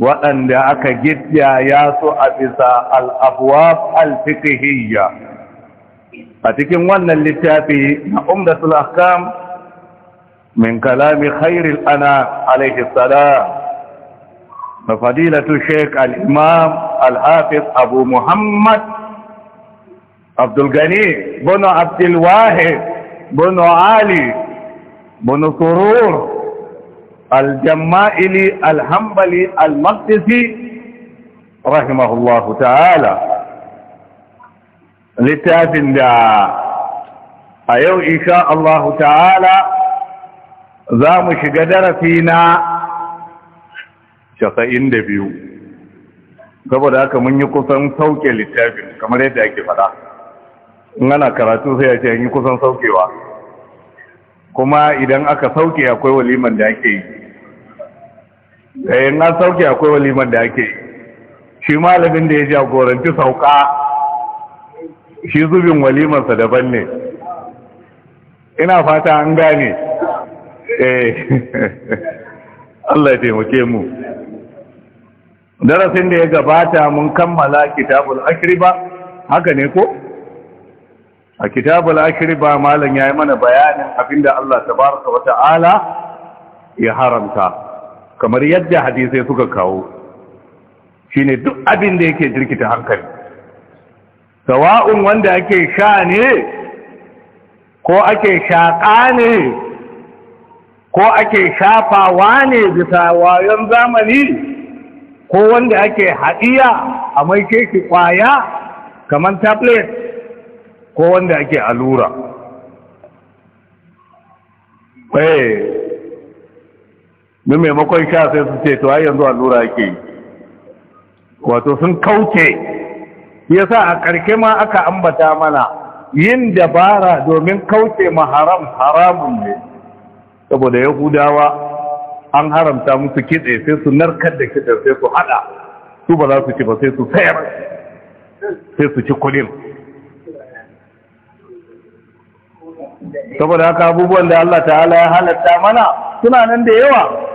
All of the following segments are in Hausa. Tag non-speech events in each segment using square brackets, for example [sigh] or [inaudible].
waɗanda aka gidaya su a bisa al'abuwaf alfikihiyya a cikin wannan littafi na umdatul ahkam min kalami khairil ana alaihi salam da fadilatu sheik al'imam al'afis abu muhammad abdulgani bunu abdulwahid bunu ali bunu surur الجمائلي الحنبلي المقدسي رحمه الله تعالى littafin da a yau isha Allahu ta'ala za mu shiga darasi na da biyu saboda haka mun yi kusan sauke littafin kamar yadda ake fada in ana karatu sai a ce yi kusan saukewa kuma idan aka sauke akwai waliman da ake yi eh na sauke akwai walimar da ake shi malamin da ya jagoranci sauka shi zubin walimarsa daban ne ina fata an gane eh [laughs] Allah ya taimake mu darasin da ya gabata mun kammala kitabul akriba haka ne ko a kitabul akriba malam ya yi mana bayanin abinda Allah tabaraka wa ta'ala ya haramta kamar yadda hadisai suka kawo shi ne duk abin da yake jirkita hankali sawa'un wanda ake sha ne ko ake shaƙa ne ko ake shafawa ne bisa wayon zamani ko wanda ake haɗiya a mai shi ƙwaya kamar tablet ko wanda ake allura eh, don maimakon sha sai su ce to ai yanzu allura ke yi wato sun kauce yasa a ƙarke ma aka ambata mana yin dabara domin kauce ma haram haramun ne saboda yahudawa an haramta musu kitse sai su narkar da kitse sai su hada su ba za su ci ba sai su sayar sai su ci kudin saboda haka abubuwan da Allah ta'ala ya halatta mana suna nan da yawa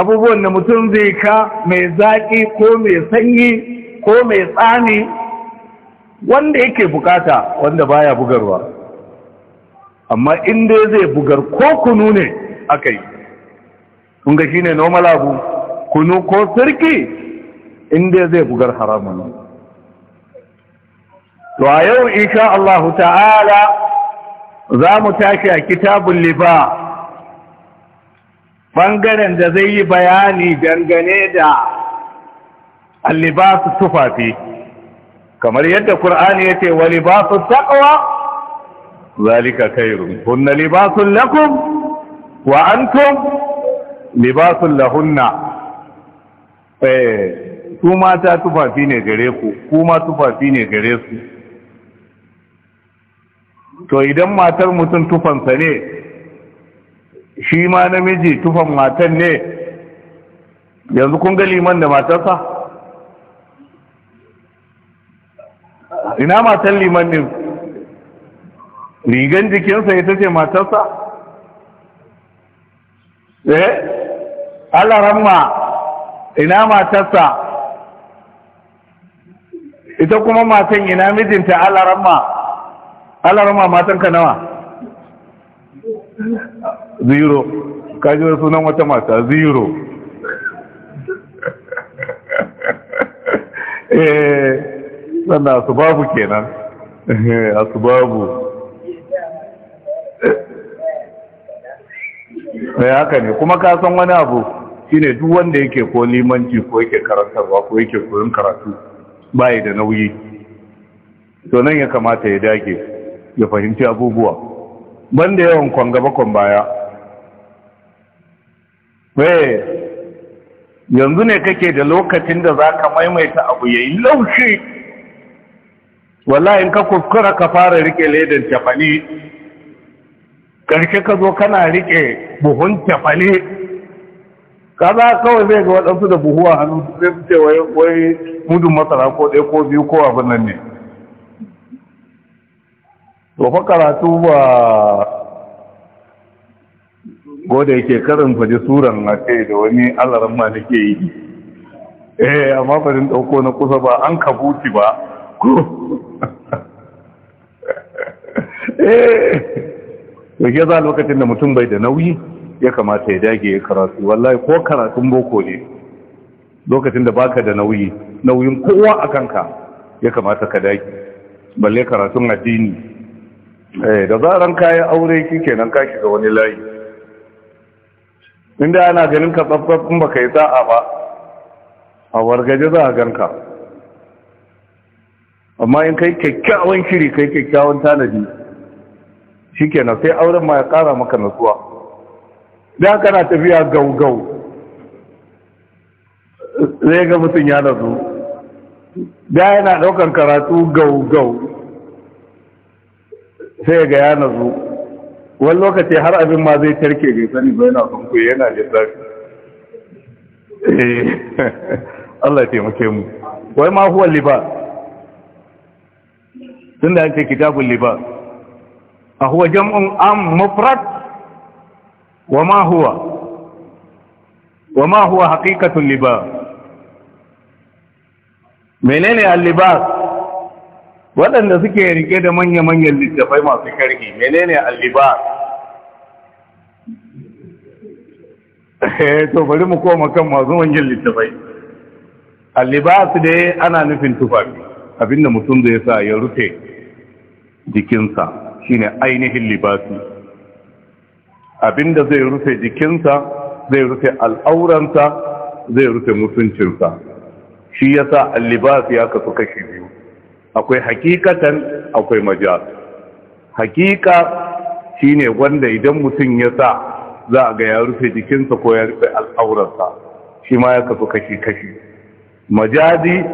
abubuwan da mutum zai ka mai zaƙi ko mai sanyi ko mai tsani wanda yake bukata wanda baya bugarwa amma in zai bugar ko kunu ne aka yi kun ga ne normal abu kunu ko sirki in zai bugar haramun to a yau insha Allahu ta'ala za mu tashi a kitabun liba ɓangaren da zai yi bayani dangane da allibasu tufafi kamar yadda Kur'ani ya ce wa libasu zalika khairun hunna libasun lakum wa an tun libasun lahunna eh, su mata tufafi ne gare ku kuma tufafi ne gare su to idan matar mutum tufansa ne shi ma namiji tufan matan ne yanzu kun ga liman da matarsa ina matan liman ne? rigan jikinsa ita ce matarsa eh ramma ina matarsa ita kuma matan ina mijinta ramma Allah matan ka nawa zero kajiwar sunan wata mata zero [laughs] eh sannan asubabu kenan eh, asubabu mai eh, haka ne kuma ka san wani abu shine duk wanda yake ko limanci ko yake karantarwa ko yake koyon karatu bayi da nauyi to nan ya kamata ya dage ya fahimci abubuwa banda yawan kwan gaba baya wai yanzu ne kake da lokacin da za ka maimaita abu yayi yi laushi wallahi in ka kuskura ka fara rike ledan tafali karshe ka zo kana rike buhun tafali ka za kawai zai ga waɗansu da buhuwa hannu sai su ce wai mudun masara ko ɗaya ko biyu ko abin nan ne fa karatu ba goda yake karin faji suran na kai da wani alaran ma nake yi eh amma farin dauko na kusa ba an kabuti ba ko [laughs] eh yake za lokacin da mutum bai da nauyi ya kamata ya dage ya karatu wallahi ko karatun boko ne lokacin da baka da nauyi nauyin kowa a kanka ya kamata ka dage balle karatun addini eh da zaran kayan aure nan ka shiga wani layi inda ana ganin ka tsaftsaf kun baka yi sa'a ba a wargaje za a ganka amma in kai kyakkyawan shiri kai kyakkyawan tanadi shi shikenan sai auren ma ya kara maka nasuwa da na tafiya gaugau zai ga mutum ya nazo da yana daukan karatu gaugau sai ga ya nazo wani lokaci har abin ma zai tarke bai sani ba yana kunkuye yana da lissafi eh, [laughs] Allah ya taimake mu wai ma huwa liba da ake kitabun liba a huwa jam'un am mufrad wa ma huwa wa ma huwa haqiqatul liba menene al-libas waɗanda suke rike da manya-manyan littafai masu karfi menene alliba eh, to bari mu koma kan masu manyan littafai allibasu dai ana nufin tufafi abinda mutum ya sa ya rufe jikinsa shine ainihin libasi abinda zai rufe jikinsa zai rufe al'auransa zai rufe mutuncinsa shi yasa allibas ya kasu kashi biyu akwai hakikatan akwai majaz hakika shine wanda idan mutum ya sa za a ga ya rufe jikinsa ko ya rufe al'aurarsa shi ma ya kasu kashi-kashi majazi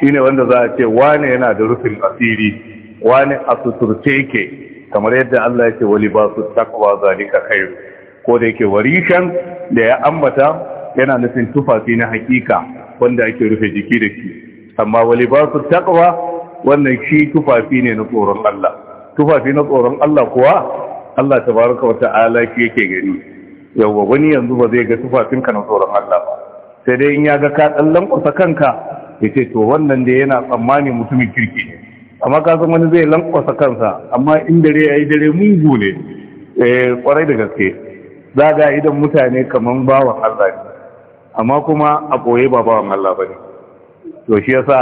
shine wanda za a ce wane yana da rufin asiri wane a suturce ke kamar yadda Allah ya ce wali ba su takwa zalika kai ko da yake warishan da ya ambata yana nufin tufafi na hakika wanda ake rufe jiki da shi amma wali ba su takwa wannan shi tufafi ne na tsoron Allah tufafi na tsoron Allah kuwa Allah tabaraka wata ta'ala shi yake gani yawwa wani yanzu ba zai ga tufafin ka na tsoron Allah ba sai dai in ya ga ka tsallan kusa kanka yace to wannan da yana tsammani mutumin kirki ne amma ka san wani zai lankwasa kansa amma in dare yayi dare mungu ne eh kwarai da gaske za ga idan mutane kamar bawan Allah ne amma kuma a koye ba bawan Allah bane to shi yasa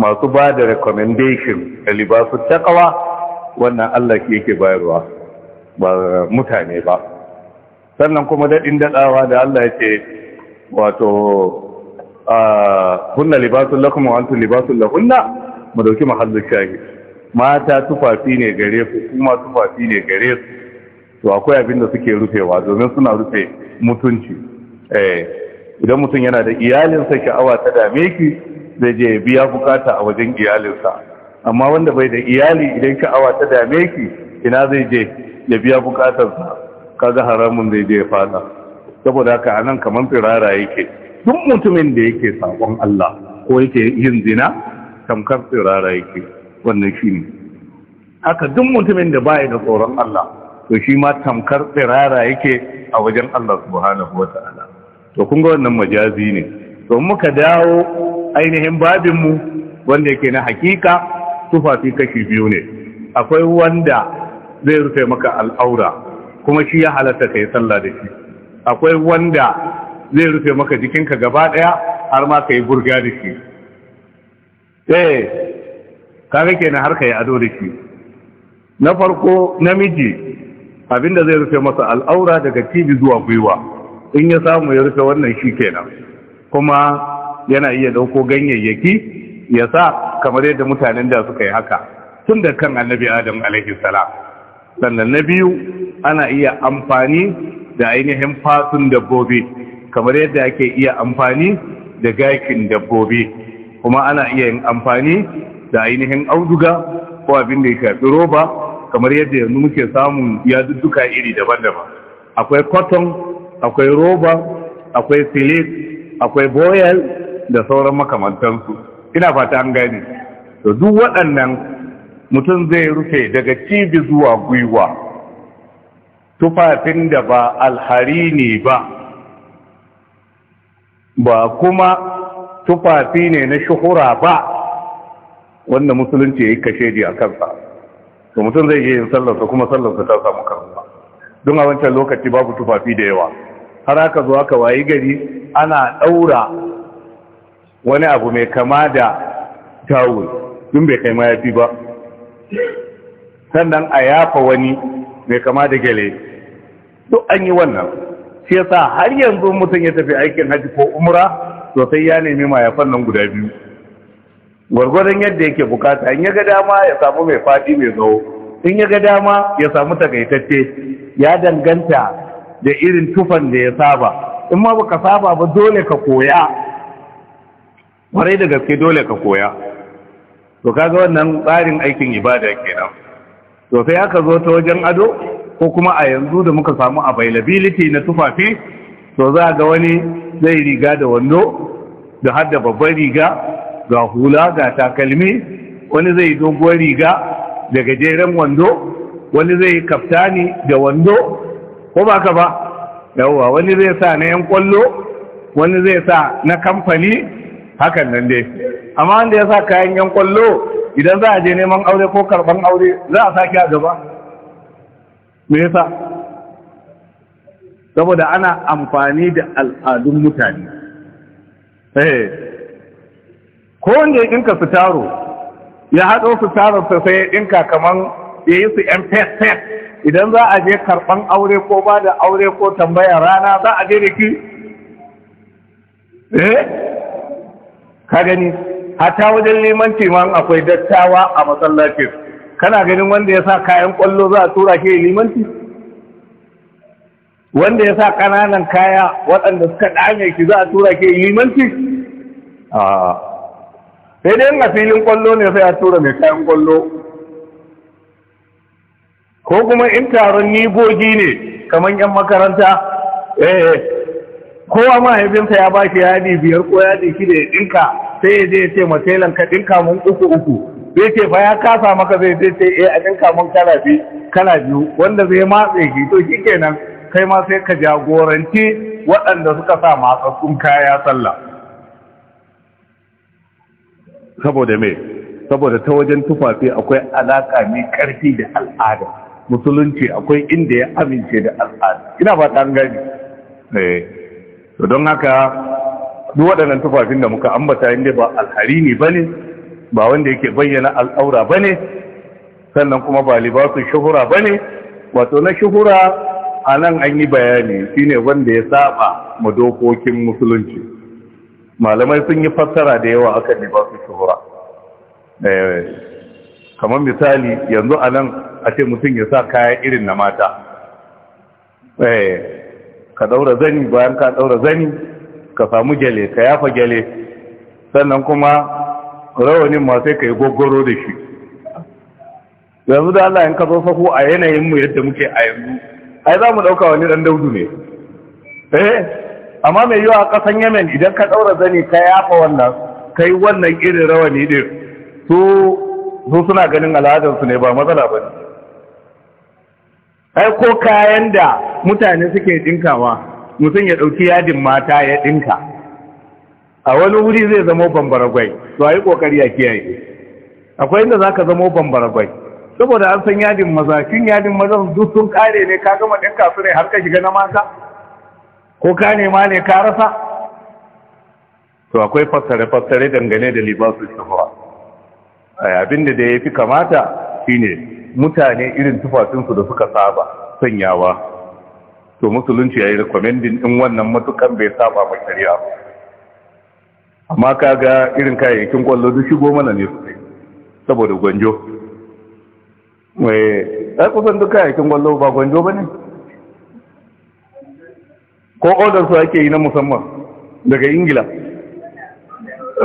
masu ba da recommendation da libasu takawa wannan Allah ke yake bayarwa ba mutane ba sannan kuma daɗin daɗawa da Allah ya ce wato hunna libasun lakum wa antum libasun lahunna mu dauki mahallin shahid mata tufafi ne gare ku kuma tufafi ne gare su to akwai abin da suke rufewa domin suna rufe mutunci eh idan mutum yana da iyalinsa awa ta dame ki zai je ya biya bukata a wajen iyalinsa amma wanda bai da iyali idan sha'awa ta dame ki ina zai je ya biya bukatarsa kaga haramun zai je ya fada saboda haka anan kamar firara yake duk mutumin da yake sakon Allah ko yake yin zina tamkar firara yake wannan shine haka duk mutumin da baya da tsoron Allah to shi ma tamkar firara yake a wajen Allah subhanahu wataala to kun ga wannan majazi ne to muka dawo ainihin babinmu wanda yake na hakika tufafi kashi biyu ne akwai wanda zai rufe maka al'aura kuma shi ya halatta ka yi sallah da shi akwai wanda zai rufe maka jikinka gaba ɗaya har ma ka yi burga da shi eh kaga kenan har ka yi ado da shi na farko namiji abinda zai rufe masa al'aura daga cibi zuwa gwiwa in ya samu ya rufe wannan shi kenan kuma yana iya dauko ganyayyaki ya sa kamar yadda mutanen da suka yi haka tun da kan annabi adam alaihi salam sannan na biyu ana iya amfani da ainihin fatun dabbobi kamar yadda ake iya amfani da gakin dabbobi kuma ana iya yin amfani da ainihin auduga ko abin da ya shafi roba kamar yadda yanzu muke samun ya yadudduka iri daban-daban akwai kwaton, akwai roba akwai silik akwai boyal da sauran makamantansu ina fata an gane to duk waɗannan mutum zai rufe daga cibi zuwa gwiwa tufafin da ba alhari ne ba ba kuma tufafi ne na shuhura ba wanda musulunci ya yi ji a kansa to mutum zai iya yin sallarsa kuma sallarsa ta samu karnuwa don a wancan lokaci babu tufafi da yawa har aka zo aka wayi gari ana ɗaura wani abu mai kama da tawul tun bai kai mayafi ba sannan a yafa wani mai kama da gele duk an yi wannan shi yasa har yanzu mutum ya tafi aikin hajji ko umra to sai ya nemi mayafan nan guda biyu gwargwadon yadda yake bukata in ya ga dama ya samu mai fadi mai tsawo in ya ga dama ya samu takaitacce ya danganta da irin tufan da ya saba in ma baka saba ba dole ka koya kwarai da gaske dole ka koya to kaga wannan tsarin aikin ibada kenan to sai aka zo ta wajen ado ko kuma a yanzu da muka samu availability na tufafi to za ga wani zai riga da wando da da babban riga ga hula ga takalmi wani zai doguwar riga da gajeren wando wani zai kaftani da wando ko ba ka ba yawwa wani zai sa na yan kwallo wani zai sa na kamfani hakan nan dai amma wanda ya sa kayan yan kwallo idan za a je neman aure ko karban aure za a sake a gaba me yasa saboda ana amfani da al'adun mutane eh ko wanda ya ɗinka su taro, ya haɗo su su sai ya ɗinka kaman ya yi su yan fes idan za a je karɓan aure ko ba da aure ko tambayar rana za a je da ki eh ka gani hata wajen limanci ma akwai dattawa a masallacin kana ganin wanda ya sa kayan kwallo za a tura shi limanci wanda ya sa kananan kaya waɗanda suka ɗame ki za a tura shi limanci sai dai a filin kwallo ne sai a tura mai kayan kwallo ko kuma in taron nigogi ne kamar 'yan makaranta eh, eh. kowa mahaifinsa ya ba shi yadi biyar ko yadi da ya dinka sai ya je ya ce matailan ka dinka mun uku uku zai ce fa ya kasa maka zai zai ce eh a dinka mun kala biyu wanda zai matse ki to kenan kai ma sai ka jagoranci waɗanda suka sa matsatsun kaya sallah saboda me saboda ta wajen tufafi akwai alaka mai karfi da al'ada musulunci akwai inda ya amince da al'ada ina ba ta gani eh. to don haka duk waɗannan tufafin da muka ambata inda ba alharini ba ne ba wanda yake bayyana al'aura ba ne sannan kuma ba libasun shuhura ba ne wato na shuhura a nan an yi bayani shine wanda ya saba ma musulunci malamai sun yi fassara da yawa akan libasun shuhura eh, kamar misali yanzu a nan a ce mutum ya sa kaya irin na mata eh, ka daura zani bayan ka daura zani ka samu gyale ka yafa gyale sannan kuma rawanin ma sai ka yi da shi yanzu da Allah in ka zo a yanayin mu yadda muke a yanzu ai za mu ɗauka wani ɗan daudu ne eh amma mai yiwa ƙasan yamen idan ka ɗaura zani ka yafa wannan ka yi wannan irin rawani ɗin su suna ganin al'adarsu ne ba matsala ba ne ai ko kayan da mutane suke dinkawa mutum ya ɗauki yadin mata ya dinka a wani wuri zai zama bambaragwai to a yi ƙoƙari a kiyaye akwai inda za ka zama bambaragwai saboda an san yadin maza kin yadin maza duk sun kare ne ka gama ɗinka su ne har ka shiga na mata ko ka nema ne ka rasa to akwai fassare-fassare dangane da libasu shafawa abinda da ya fi kamata shine mutane irin tufafinsu da suka saba sanyawa to musulunci ya yi rekomendin in wannan matukan bai saba ba shari'a amma kaga irin kayayyakin kwallo duk shigo mana ne sosai saboda gwanjo mai eh, ɗai kusan duk kayayyakin kwallo ba gwanjo ba ne ko odar su ake yi na musamman daga ingila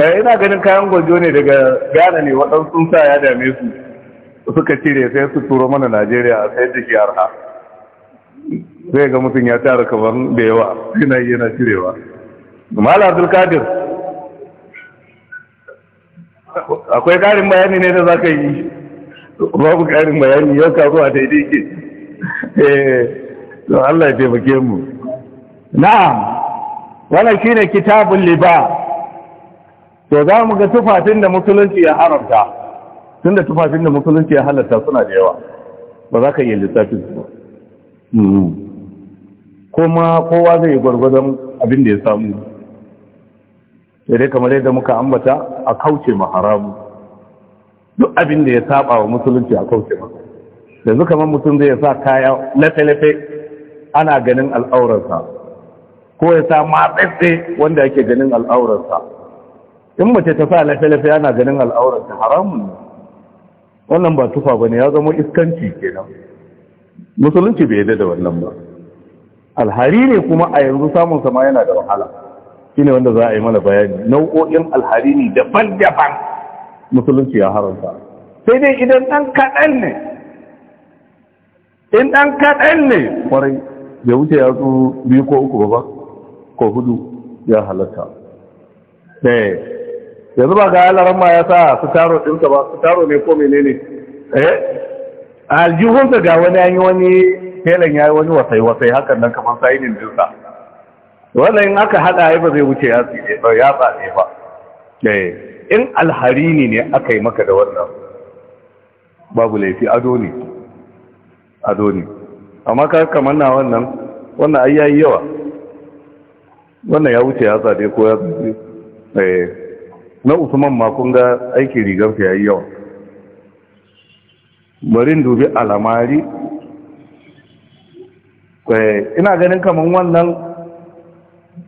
eh, ina ganin kayan gwanjo ne daga gane ne waɗansu sa ya dame su suka cire sai su turo mana najeriya a sayar da shi arha sai ga mutum ya tara kaman da yawa yana yi yana cirewa mala Kadir akwai karin bayani ne da za ka yi babu karin bayani yau ka zuwa daidai ke eh to Allah ya taimake mu na'am wannan shine kitabul liba to za mu ga tufafin da musulunci ya haramta tunda tufafin da musulunci ya halatta suna da yawa ba za ka iya lissafin su hmm. kuma kowa zai yi gwargwadon abin da ya samu dai kamar yadda muka ambata a kauce ma haramu duk abin da ya saba wa musulunci a kauce masa yanzu kamar mutum zai sa kaya lafe-lafe ana ganin al'aurarsa ko ya sa matsatse wanda ake ganin al'aurarsa in mace ta sa lafe-lafe ana ganin al'aurarsa haramun ne wannan ba tufa ba ne ya zama iskanci kenan musulunci bai yadda da wannan ba alhari ne kuma a yanzu samun sama yana da wahala shine wanda za a yi mana bayani nau'o'in alhari ne daban-daban musulunci ya haramta sai dai idan ɗan kaɗan ne in ɗan kaɗan ne kwarai ya wuce ya biyu ko uku ba ko hudu ya halatta ɗaya eh. yanzu ba ga yalaran ma ya sa su taro ɗinsa ba su taro ne ko menene eh aljihunsa ga wani an yi wani telan ya yi wani wasai-wasai hakan nan kamar sainin dinsa wannan in aka haɗa ya ba zai wuce ya tsaye ba ya tsaye ba eh, in alharini ne aka yi maka da wannan babu laifi ado ne ado ne amma ka kamar na wannan wannan ayyayi yawa wannan ya wuce ya tsaye ko ya tsaye eh. na usman ma kun ga aikin rigar ya yi yawa marin dubi alamari eh, ina ganin kamar wannan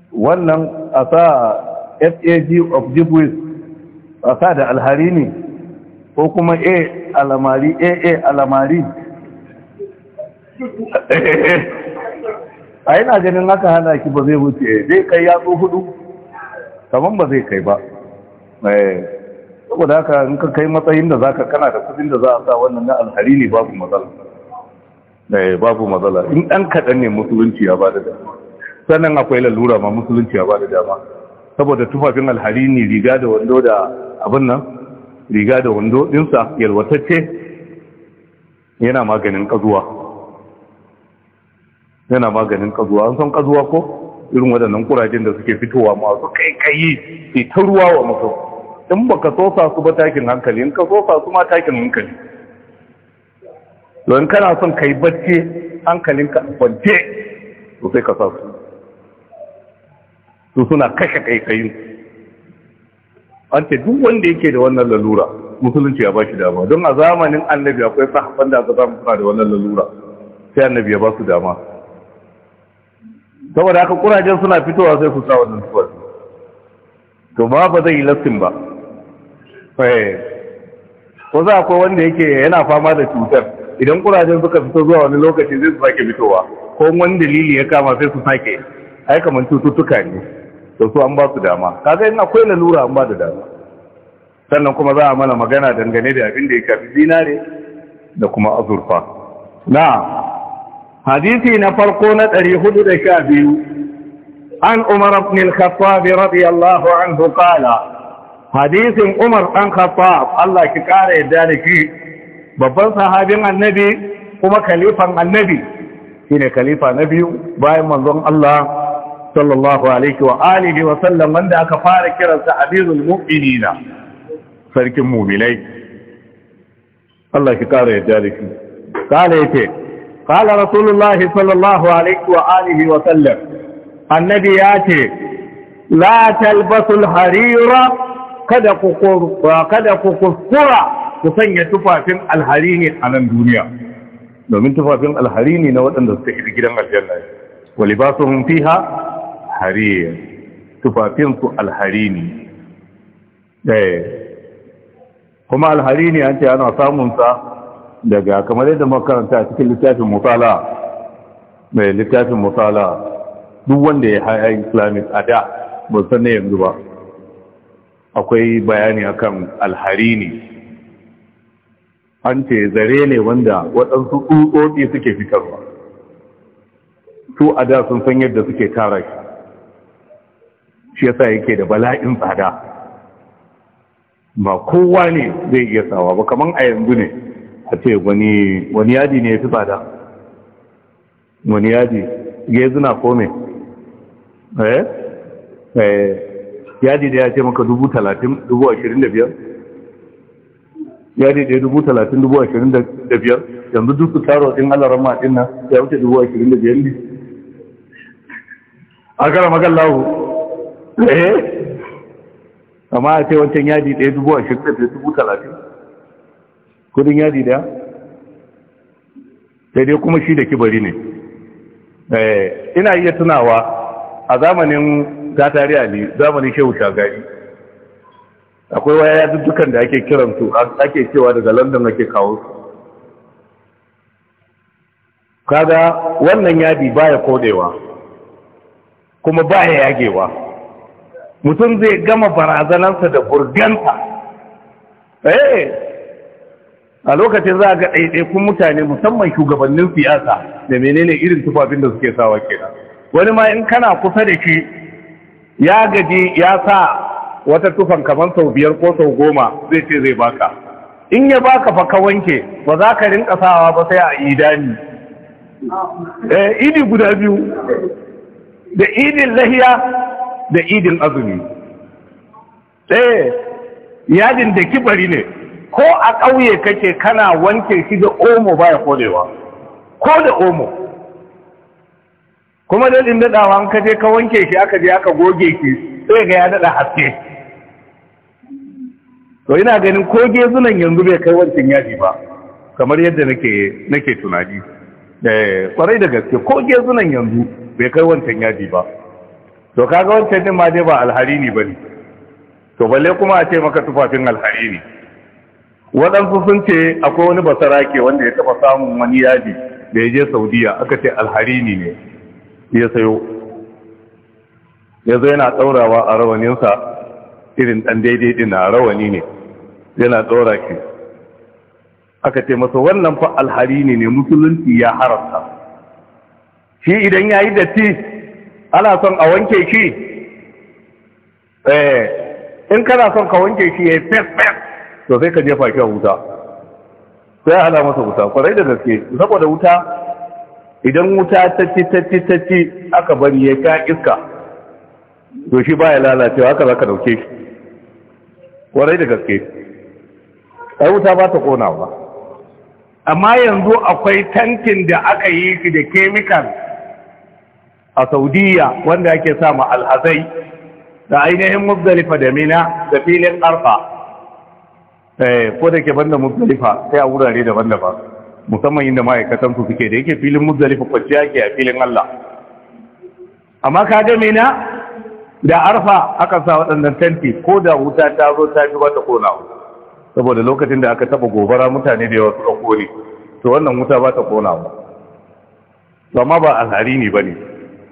wannan a sa fag of jibwis a sa da alhari ne ko kuma a alamari aa alamari a [laughs] yana ganin haka hana ki ba zai wuce zai kai yatsu hudu kamar ba zai kai ba Eh. saboda haka in ka kai matsayin da za ka kana da kudin da za a sa wannan na alhari ne babu matsala eh babu matsala in ɗan kaɗan ne musulunci ya bada dama sannan akwai lalura ma musulunci ya bada dama saboda tufafin alhari ne riga da wando da abin nan riga da wando dinsa yalwatacce yana maganin ƙazuwa. yana maganin ƙazuwa. an san ƙazuwa ko irin waɗannan kurajen da suke fitowa masu kaikayi sai ta ruwa wa mutum in ba ka sosa su ba takin hankali in ka sosa su ma takin hankali don kana son ka yi bacci hankalinka kwance to sai ka sa su su suna kashe kaikayin an ce duk wanda yake da wannan lalura musulunci ya ba shi dama don a zamanin annabi akwai sahabban da aka samu suna da wannan lalura sai annabi ya ba su dama saboda haka kurajen suna fitowa sai ku sa wannan tuwar to ba ba zai yi lastin ba eh. ko za akwai wanda yake yana fama da cutar idan kurajen suka fito zuwa wani lokaci zai su sake fitowa ko wani dalili ya kama sai su sake ai kamar cututtuka ne to su an ba su dama kaga in akwai lalura an ba da dama sannan kuma za a mana magana dangane da abin da ya kafi zinare da kuma azurfa na'am hadisi na farko na 412 an umar ibn al-khattab radiyallahu anhu qala hadisin umar Ɗan khattab Allah ki kare yadda nake babban sahabin annabi kuma khalifan annabi shine khalifa na biyu bayan manzon Allah sallallahu alaihi wa alihi wa sallam aka fara kiransa amirul mu'minina sarkin mu'minai Allah ki قال رسول الله صلى الله عليه وآله وسلم النبي ياتي لا تلبسوا الحرير kada ku kada ku kuskura ku sanya tufafin alharini a nan duniya domin tufafin alharini na waɗanda suka shiga gidan aljanna su libasuhum fiha harir tufafin su alharini eh kuma alharini an ce ana samun sa daga kamar yadda makaranta cikin littafin mutala mai littafin mutala duk wanda ya haya islamic a da ba san na yanzu ba akwai bayani akan alharini an ce zare ne wanda waɗansu tsotsotsi suke fitarwa su a da sun san yadda suke tara shi shi yasa yake da bala'in tsada ba kowa ne zai iya sawa ba kamar a yanzu ne a ce wani yadi ne ya fi bada wani yadi ya zina kome eh? eh yadi da ya ce maka dubu talatin dubu ashirin da biyar yadi da ya dubu talatin dubu ashirin da biyar yanzu duk su taro ɗin alaran maɗin nan ya wuce dubu ashirin da biyar ne a kara magallahu eh amma a ce wancan yadi ɗaya dubu ashirin da biyar dubu talatin kudin yadi daya? sai dai kuma shi da kibari ne eh, ina iya tunawa a zamanin gatari ali zamanin shehu shagari akwai waya ya dukkan da ake kiransu ake cewa daga london ake kawo su kaga wannan yadi baya kodewa kuma baya yagewa mutum zai gama barazanarsa da burgansa eh a lokacin za ga ɗaiɗaikun mutane musamman shugabannin siyasa da menene irin tufafin da suke sawa kenan wani ma in kana kusa da shi ya gaji ya sa wata tufan kamar sau biyar ko sau goma zai ce zai baka in ya baka fa ka wanke ba za ka rinka sawa ba sai a idani eh idi guda biyu da idin lahiya da idin azumi eh yadin da kibari ne ko a ƙauye kake kana wanke shi da omo ba ya kodewa ko da omo kuma daɗin daɗawa an kaje ka wanke shi aka je aka goge shi sai ga ya daɗa haske to ina ganin ko gezunan yanzu bai kai wancan yaji ba kamar yadda nake nake tunani kwarai eh, da gaske ko gezunan yanzu bai kai wancan yaji ba to kaga wancan din ma dai ba alhari ne bane to balle kuma a ce maka tufafin alhari ne waɗansu sun ce akwai wani basarake wanda ya taɓa samun wani yadi da ya je saudiya aka ce alharini ne ya sayo ya zo yana ɗaurawa a rawaninsa irin ɗan daidai na rawani ne yana ɗaura ke aka ce masa wannan fa alharini ne musulunci ya haramta shi idan ya yi datti ana son a wanke shi eh, in kana son ka wanke shi ya yi fes fes to sai ka jefa shi a wuta sai hana masa wuta kwarai da gaske saboda wuta idan wuta ta ci ta ci ta ci aka bari ya ka iska to shi baya lalacewa haka zaka dauke shi kwarai da gaske ai wuta ba ta ba. amma yanzu akwai tankin da aka yi shi da kemikal a saudiya wanda ake sama alhazai da ainihin muzdalifa da mina da filin arfa Eh, ko da ke banda muzdalifa sai a wurare daban-daban musamman inda ma'aikatan su suke da yake filin muzdalifa kwanciya ke a filin Allah amma ka ga mena da arfa aka sa waɗannan tanti ko da wuta ta zo ta fi wata kona saboda lokacin da aka taba gobara mutane da yawa suka kone to wannan wuta ba ta kona to amma ba alhari ne bane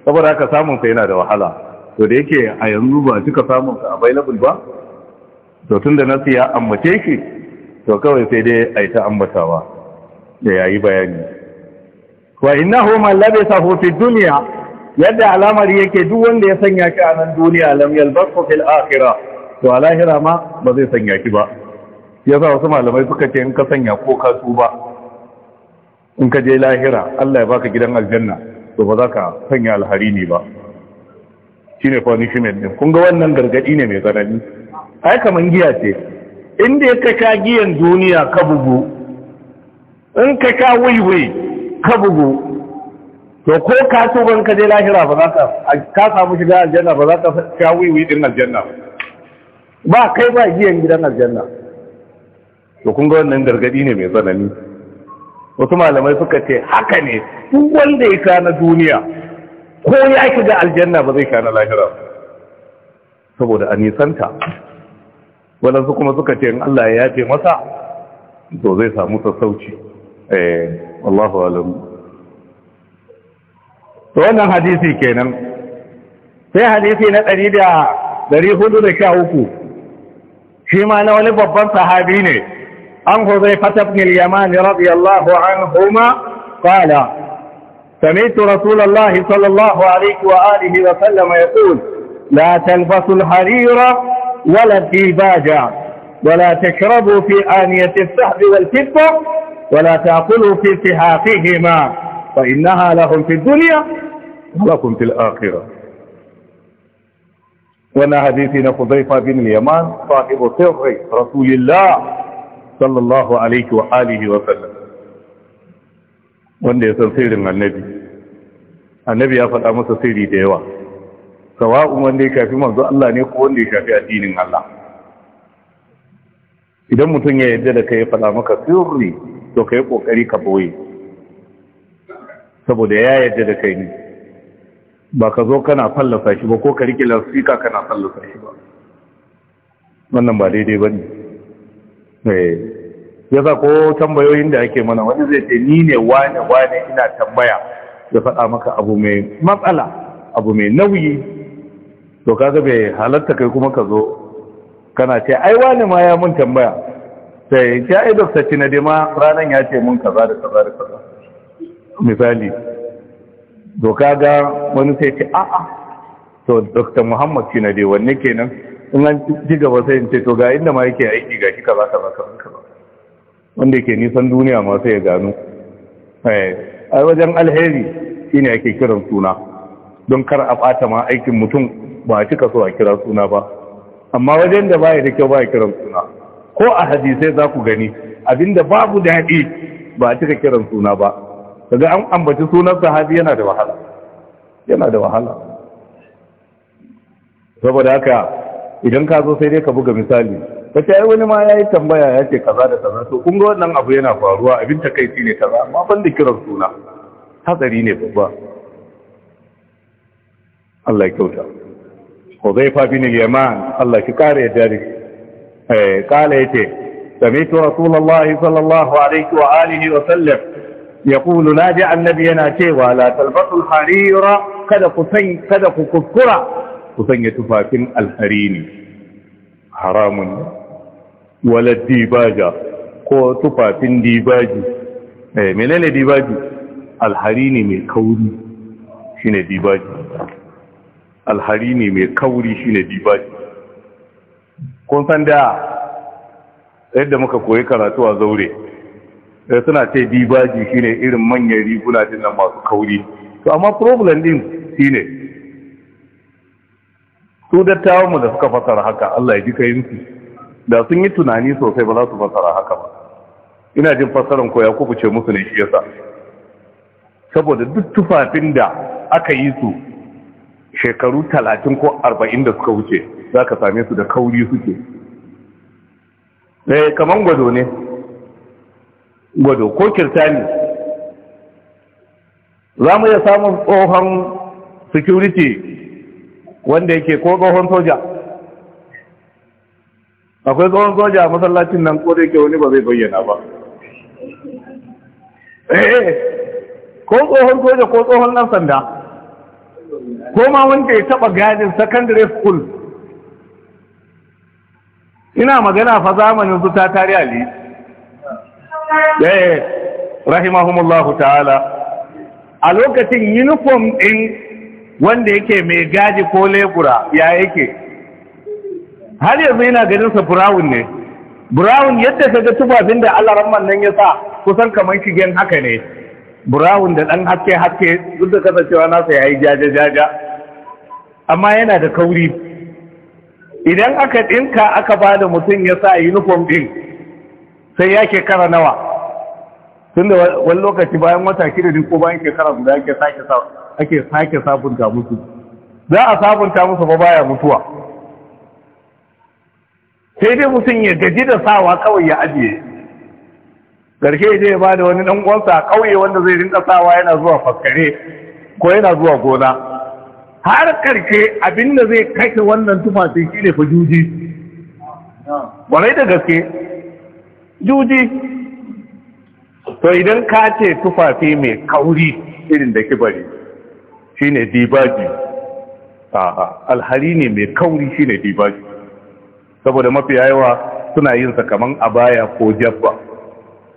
saboda aka samun sa yana da wahala to da yake a yanzu ba cika samun sa available ba to tun da nasu ya ambace shi to kawai sai dai a yi ta ambatawa da ya yi bayani wa ina homa labe safofi duniya yadda alamar yake duk wanda ya sanya ki a nan duniya lam yalbar fil akhira to a lahira ma ba zai sanya ki ba Yasa wasu malamai suka ce in ka sanya ko ka ba? in ka je lahira Allah ya baka gidan aljanna to ba za ka sanya alhari ne ba shine punishment din kun ga wannan gargadi ne mai tsanani ai kaman giya ce inda ya kaka giyan duniya ka bugu in ka ka waiwai ka bugu to ko ka so ban ka je lahira ba za ka ka samu shiga aljanna ba za ka ka waiwai din aljanna ba kai ba giyan gidan aljanna to kun ga wannan gargadi ne mai tsanani wasu malamai suka ce haka ne duk wanda ya kana duniya ko ya shiga aljanna ba zai kana lahira saboda a nisanta waɗansu kuma suka ce in Allah ya yafe masa to zai samu sassauci eh Allahu alam to wannan hadisi kenan sai hadisi na 413 shi ma na wani babban sahabi ne an Huzaifah ibn al-Yaman radiyallahu ma. qala سمعت رسول الله صلى الله عليه وآله وسلم يقول لا تلبسوا الحرير ولا الديباجة ولا تشربوا في آنية السحب والكبة ولا تأكلوا في سحاقهما فإنها لهم في الدنيا ولكم في الآخرة وانا حديثنا خضيفة بن اليمان صاحب سر رسول الله صلى الله عليه وآله وسلم وانا ya san النبي النبي أفضل أمس سيري ديوان sawa'un wanda ya shafi manzo Allah ne ko wanda ya shafi addinin Allah idan mutum ya yarda da kai faɗa maka sirri to kai kokari ka boye saboda ya yarda da kai ne ba ka zo kana fallasa shi ba ko ka rike lafika kana fallasa shi ba wannan ba daidai bane eh sa ko tambayoyin da ake mana wani zai ce ni ne wane wane ina tambaya ya faɗa maka abu mai matsala abu mai nauyi to kaga bai halatta kai kuma ka zo kana ce ai wani ma ya mun tambaya sai ya ai dokta na ma ranan ya ce mun kaza da kaza da kaza misali to ga wani sai ce a'a to dokta muhammad cinade wanne kenan in an ci gaba sai in ce to ga inda ma yake aiki ga shi kaza kaza kaza wanda yake nisan duniya ma sai ya gano eh, a wajen alheri shine ake kiran suna don kar a bata ma aikin mutum ba a cika so a kira suna ba amma wajen da baya da kyau ba a kiran suna ko a hadisai za ku gani abinda babu daɗi ba a cika kiran suna ba daga an ambaci sunan sahabi yana da wahala yana da wahala saboda haka idan ka zo sai dai ka buga misali ka ce ai wani ma ya yi tambaya ya ce kaza da kaza to kun ga wannan abu yana faruwa abin takaici ne kaza amma ban da kiran suna hatsari ne babba Allah ya kyauta huzaifa bin yaman Allah ki kare da eh kala yace sami'tu rasulullahi sallallahu alaihi wa alihi wa sallam yaqulu naji annabi yana cewa la talbasul harira kada ku san kada ku kuskura ku sanya tufafin alharini haramun wala dibaja ko tufafin dibaji eh menene dibaji alharini mai kauri shine dibaji alhari ne mai kauri shine dibaji kun san da yadda muka koyi karatu a zaure da suna ce dibaji shine irin manyan riguna din nan masu kauri to amma problem din shine su dattawan mu da suka fasara haka Allah ya ji su da sun yi tunani sosai ba za su fasara haka ba ina jin fasaran ko ya kubuce musu ne shi yasa saboda duk tufafin da aka yi su shekaru talatin ko arba'in da suka wuce za ka same su da kauri suke ɗaya eh, kaman gwado ne gwado ko kirtani za mu iya samun tsohon security wanda yake ko tsohon soja akwai tsohon soja a masallacin nan ko da yake wani ba zai bayyana ba eh, eh, ko tsohon soja ko tsohon nan sanda ko ma wanda ya taba gadin secondary school ina magana fa zamanin su ta tare ali eh rahimahumullahu ta'ala a lokacin uniform din wanda yake mai gaji ko lebura ya yake har yanzu yana ganin sa brown ne brown yadda kaga tufafin da Allah rahman nan ya sa kusan kamar shigen haka ne brown da ɗan haske haske duk da kasancewa nasa ya yi jaja jaja amma yana da kauri idan aka ɗinka aka ba da mutum ya sa uniform ɗin sai ya shekara nawa tun da wani lokaci bayan wata shida ne ko bayan shekara su ake sake ake sake sabunta musu za a sabunta musu ba baya mutuwa sai dai mutum ya gaji da sawa kawai ya ajiye karshe zai ba da wani dan uwansa a ƙauye wanda zai rinka sawa yana zuwa faskare ko yana zuwa gona har karshe abinda zai kashe wannan tufafi shine juji? Wani da gaske juji to idan ka ce tufafi mai kauri irin da kibari shine dibaji alhari ne mai kauri shine dibaji saboda mafi yawa suna yin sa kaman abaya ko jabba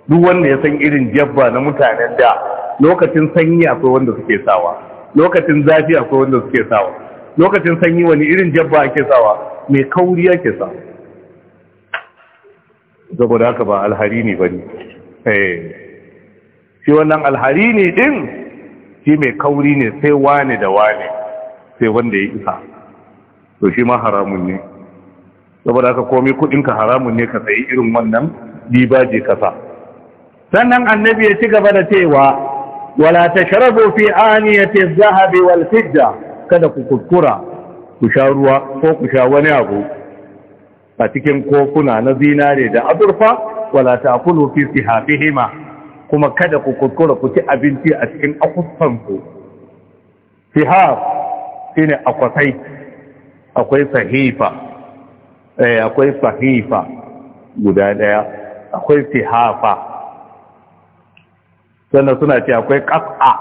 duk wanda ya san irin jabba na mutanen da lokacin sanyi akwai wanda suke sawa lokacin zafi akwai wanda suke sawa lokacin sanyi wani irin jabba ake sawa mai kauri ake sawa saboda haka ba alhari ne bane eh shi wannan alhari ne din shi mai kauri ne sai wane da wane sai wanda ya isa to shi ma haramun ne saboda haka komai kudinka haramun ne ka sayi irin wannan dibaje kasa sannan annabi ya ci gaba da cewa wala tashrabu fi aniyati adh-dhahab wal fidda kada ku kuskura ku sha ruwa ko ku sha wani abu a cikin kofuna na zinare da azurfa wala ta'kulu fi sihabihima kuma kada ku kuskura ku ci abinci a cikin akuffan ku sihab shine akwasai akwai sahifa eh akwai sahifa guda daya akwai sihafa sannan suna ce akwai ƙasa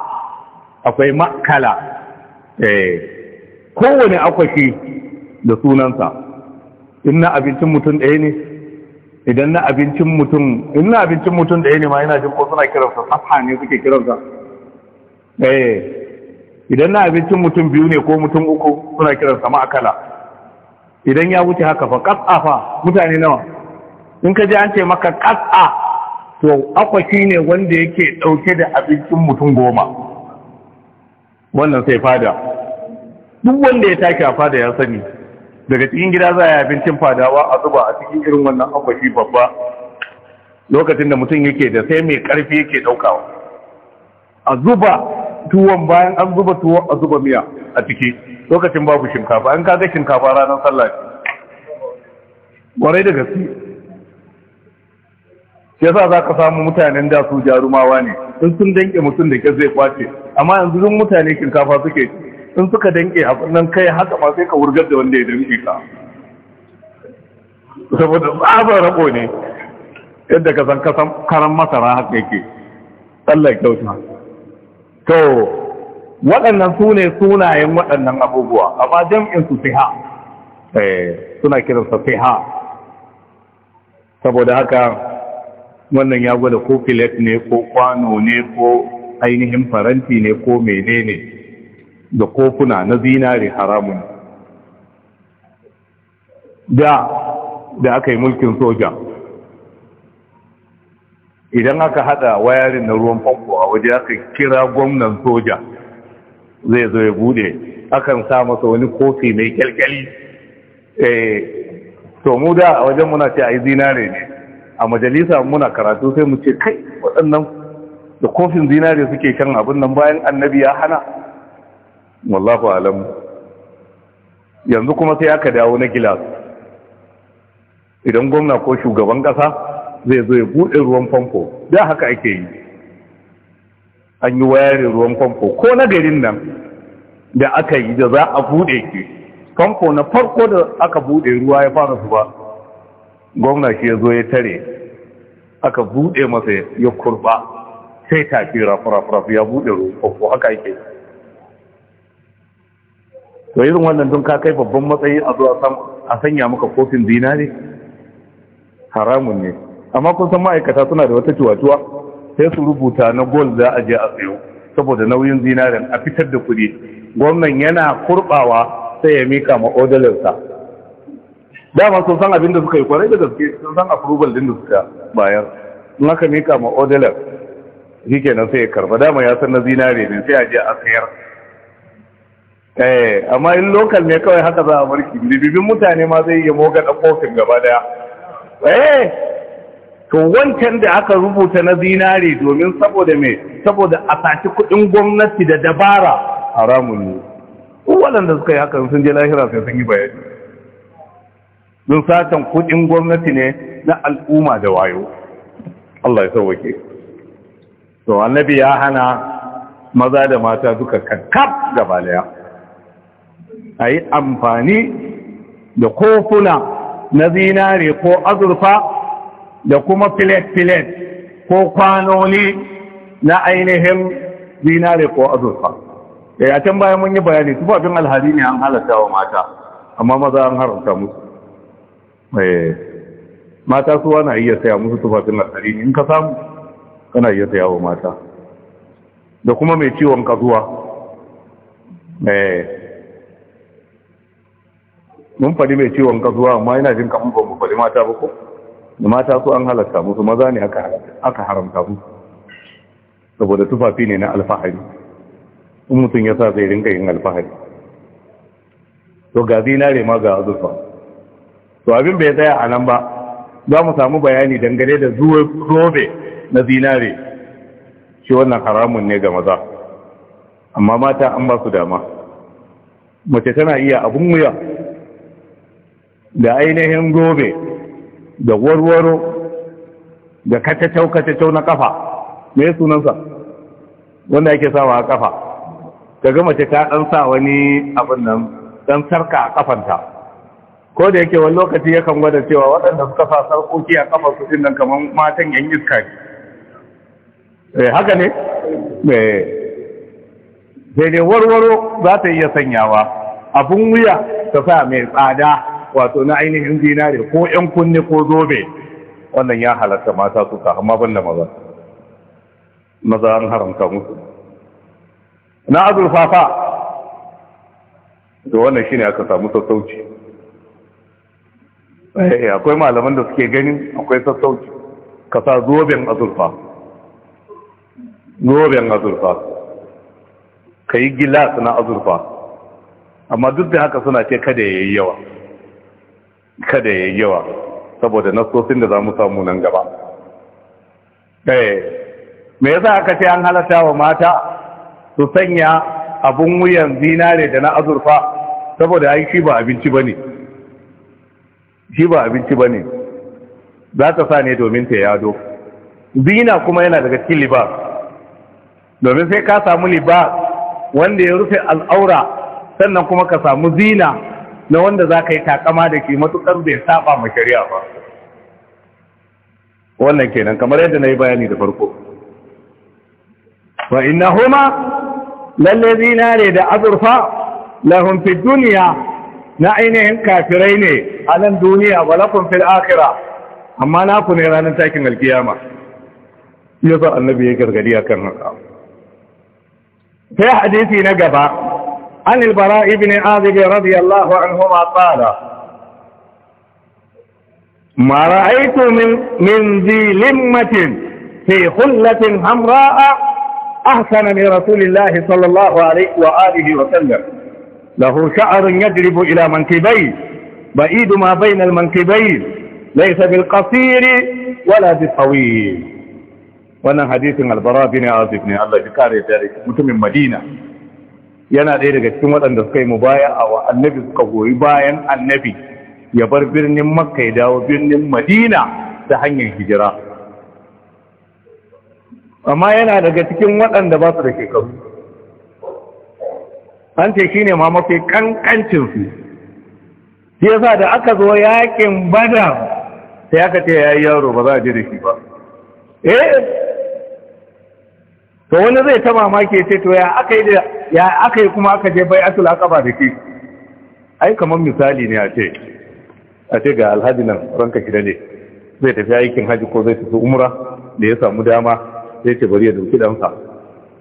akwai makala eh, kowane akwaki da sunansa in na abincin mutum ɗaya ne idan na abincin mutum in na abincin mutum ɗaya ne ma yana jin ko suna kiransa safa ne suke kiransa eh, idan na abincin mutum biyu ne ko mutum uku suna kiransa makala, idan ya wuce haka fa ƙasa fa mutane nawa in ka ji an ce maka ƙasa to akwaki ne wanda yake ɗauke da abincin mutum goma wannan sai fada duk wanda ya take a fada ya sani daga cikin gida za a yi abincin fadawa a zuba a cikin irin wannan akwaki babba lokacin da mutum yake da sai mai ƙarfi yake ɗaukawa a zuba tuwon bayan an zuba tuwon a zuba miya a ciki lokacin babu shinkafa an kaga shinkafa ranar sallah ƙwarai da gaske shi yasa za ka samu mutanen da su jarumawa ne in sun danke mutum da ke zai kwace amma yanzu sun mutane shinkafa suke in suka danke a nan kai haka ma sai ka wurgar da wanda ya danke ka saboda tsabar rabo ne yadda ka san karan masara haka yake Allah ya kyauta to waɗannan su ne sunayen waɗannan abubuwa amma jam'in su fiha eh, suna kiransa fiha saboda haka wannan ya gwada ko filet ne ko kwano ne ko ainihin faranti ne ko menene da kofuna na zinari haramun da da aka yi mulkin soja idan aka hada wayarin na ruwan famfo a waje aka kira gwamnan soja zai zo ya bude akan sa masa wani kofi mai kyalkyali eh to mu da a wajen muna ce a yi zinare ne a majalisa muna karatu sai mu ce kai waɗannan da kofin zinare suke shan abin nan bayan annabi ya hana wallahu alam yanzu kuma sai aka dawo na gilas idan gwamna ko shugaban ƙasa zai zo ya buɗe ruwan famfo da haka ake yi an yi wayarin ruwan famfo ko na garin nan da aka yi da za a buɗe ke famfo na farko da aka buɗe ruwa ya fara su ba gwamna shi ya zo ya tare aka buɗe masa ya kurba sai tafi rafurafurafu ya buɗe rufafo haka yake to yi wannan tun ka kai babban matsayi a zuwa a sanya maka kofin zinare haramun ne amma kun san ma'aikata suna da wata cuwa sai su rubuta na gol za a je a tsayo saboda nauyin zinarin a fitar da kuɗi gwamnan yana kurbawa sai ya mika ma odalarsa dama sun san abin da suka yi kwarai da gaske sun san approval din da suka bayar in aka mika ma odalar shi ke sai ya karba dama ya san na zinare ne sai a je a sayar eh amma in lokal ne kawai haka za a barki bibin mutane ma zai yi moga da kofin gaba daya eh to wancan da aka rubuta na zinare domin saboda me saboda a sati kudin gwamnati da dabara haramun ne da suka yi hakan sun je lahira sai sun yi bayani don satan kudin gwamnati ne na al'umma da wayo Allah ya sauwake to annabi ya hana maza da mata duka kakkaf gaba daya a yi amfani da kofuna na zinare ko azurfa da kuma filet-filet ko kwanoni na ainihin zinare ko azurfa ya eh, can bayan mun yi bayani tufafin alhari ne an halatta wa mata amma maza an haramta musu Eh. mata suwa na iya saya musu tufafin lasari in ka samu kana iya saya wa mata da kuma mai ciwon kasuwa eh. mun faɗi mai ciwon kasuwa amma yana jin kamun ba mu faɗi mata ba ko da mata su an halatta musu maza ne aka haramta mu saboda tufafi ne na alfahari in mutum ya sa zai ringa yin alfahari to ga zinare ma ga azurfa to abin bai tsaya a nan ba za mu samu bayani dangane da zuwa zobe na zinare shi wannan haramun ne ga maza amma mata an ba su dama mace tana iya abin wuya da ainihin zobe da warwaro da kacacau kacacau na kafa me sunansa wanda ake sawa a kafa ka ga mace ta ɗan sa wani abin nan ɗan sarka a kafanta ko da yake wani lokaci yakan gwada cewa waɗanda suka sa sarkoki a kafa su nan kamar matan yan iska eh haka ne eh sai dai warwaro za ta iya sanyawa abin wuya ta sa mai tsada wato na ainihin zinare ko yan kunne ko zobe wannan ya halatta mata suka amma ban da maza maza an haramta musu na azurfafa da wannan shine aka samu sassauci Eh, eh, akwai malaman da suke ganin, akwai sassauci ka sa zoben azurfa zoben azurfa ka yi gilas na azurfa amma duk da haka suna ce kada ya yi yawa kada ya yi yawa saboda nasosin da za mu samu nan gaba ɗaya eh, me yasa aka ce an halarta wa mata su sanya abun wuyan zinare da na azurfa saboda aiki ba abinci ba ne shi ba abinci ba ne za ta sa ne domin ta yado zina kuma yana daga cikin liba domin sai ka samu liba wanda ya rufe al'aura sannan kuma ka samu zina na wanda za ka yi takama da ke matuƙar bai saba ma shari'a ba wannan kenan kamar yadda na yi bayani da farko wa inna huma lalle zinare da azurfa lahun fi duniya na ainihin kafirai ne a nan duniya walakun fil akhira amma na ku ne ranar takin alkiyama yasa annabi ya gargadi akan haka sai hadisi na gaba an albara ibn azib radiyallahu anhu ma qala ma ra'aytu min min zi limmatin fi hullatin hamra'a ahsana min rasulillahi sallallahu alaihi wa alihi wa sallam له شعر يجرب إلى منكبيه بعيد ما بين المنكبين ليس بالقصير ولا بالطويل wannan hadisin albara bin azib ne Allah ya kare dare mutumin Madina yana ɗaya daga cikin waɗanda suka yi baya wa annabi suka goyi bayan annabi ya bar birnin Makka ya dawo birnin Madina ta hanyar hijira amma yana daga cikin waɗanda ba su da shekaru an ce shine ma mafi kankancin su shi yasa da aka zo yakin bada sai aka ce yi yaro ba za a ji da shi ba eh to wani zai ta mamaki ce to ya aka yi kuma aka je bai asul ba da shi ai kamar misali ne a ce a ce ga alhaji nan ranka gida ne zai tafi aikin haji ko zai tafi umra da ya samu dama zai ce bari ya dauki ɗansa.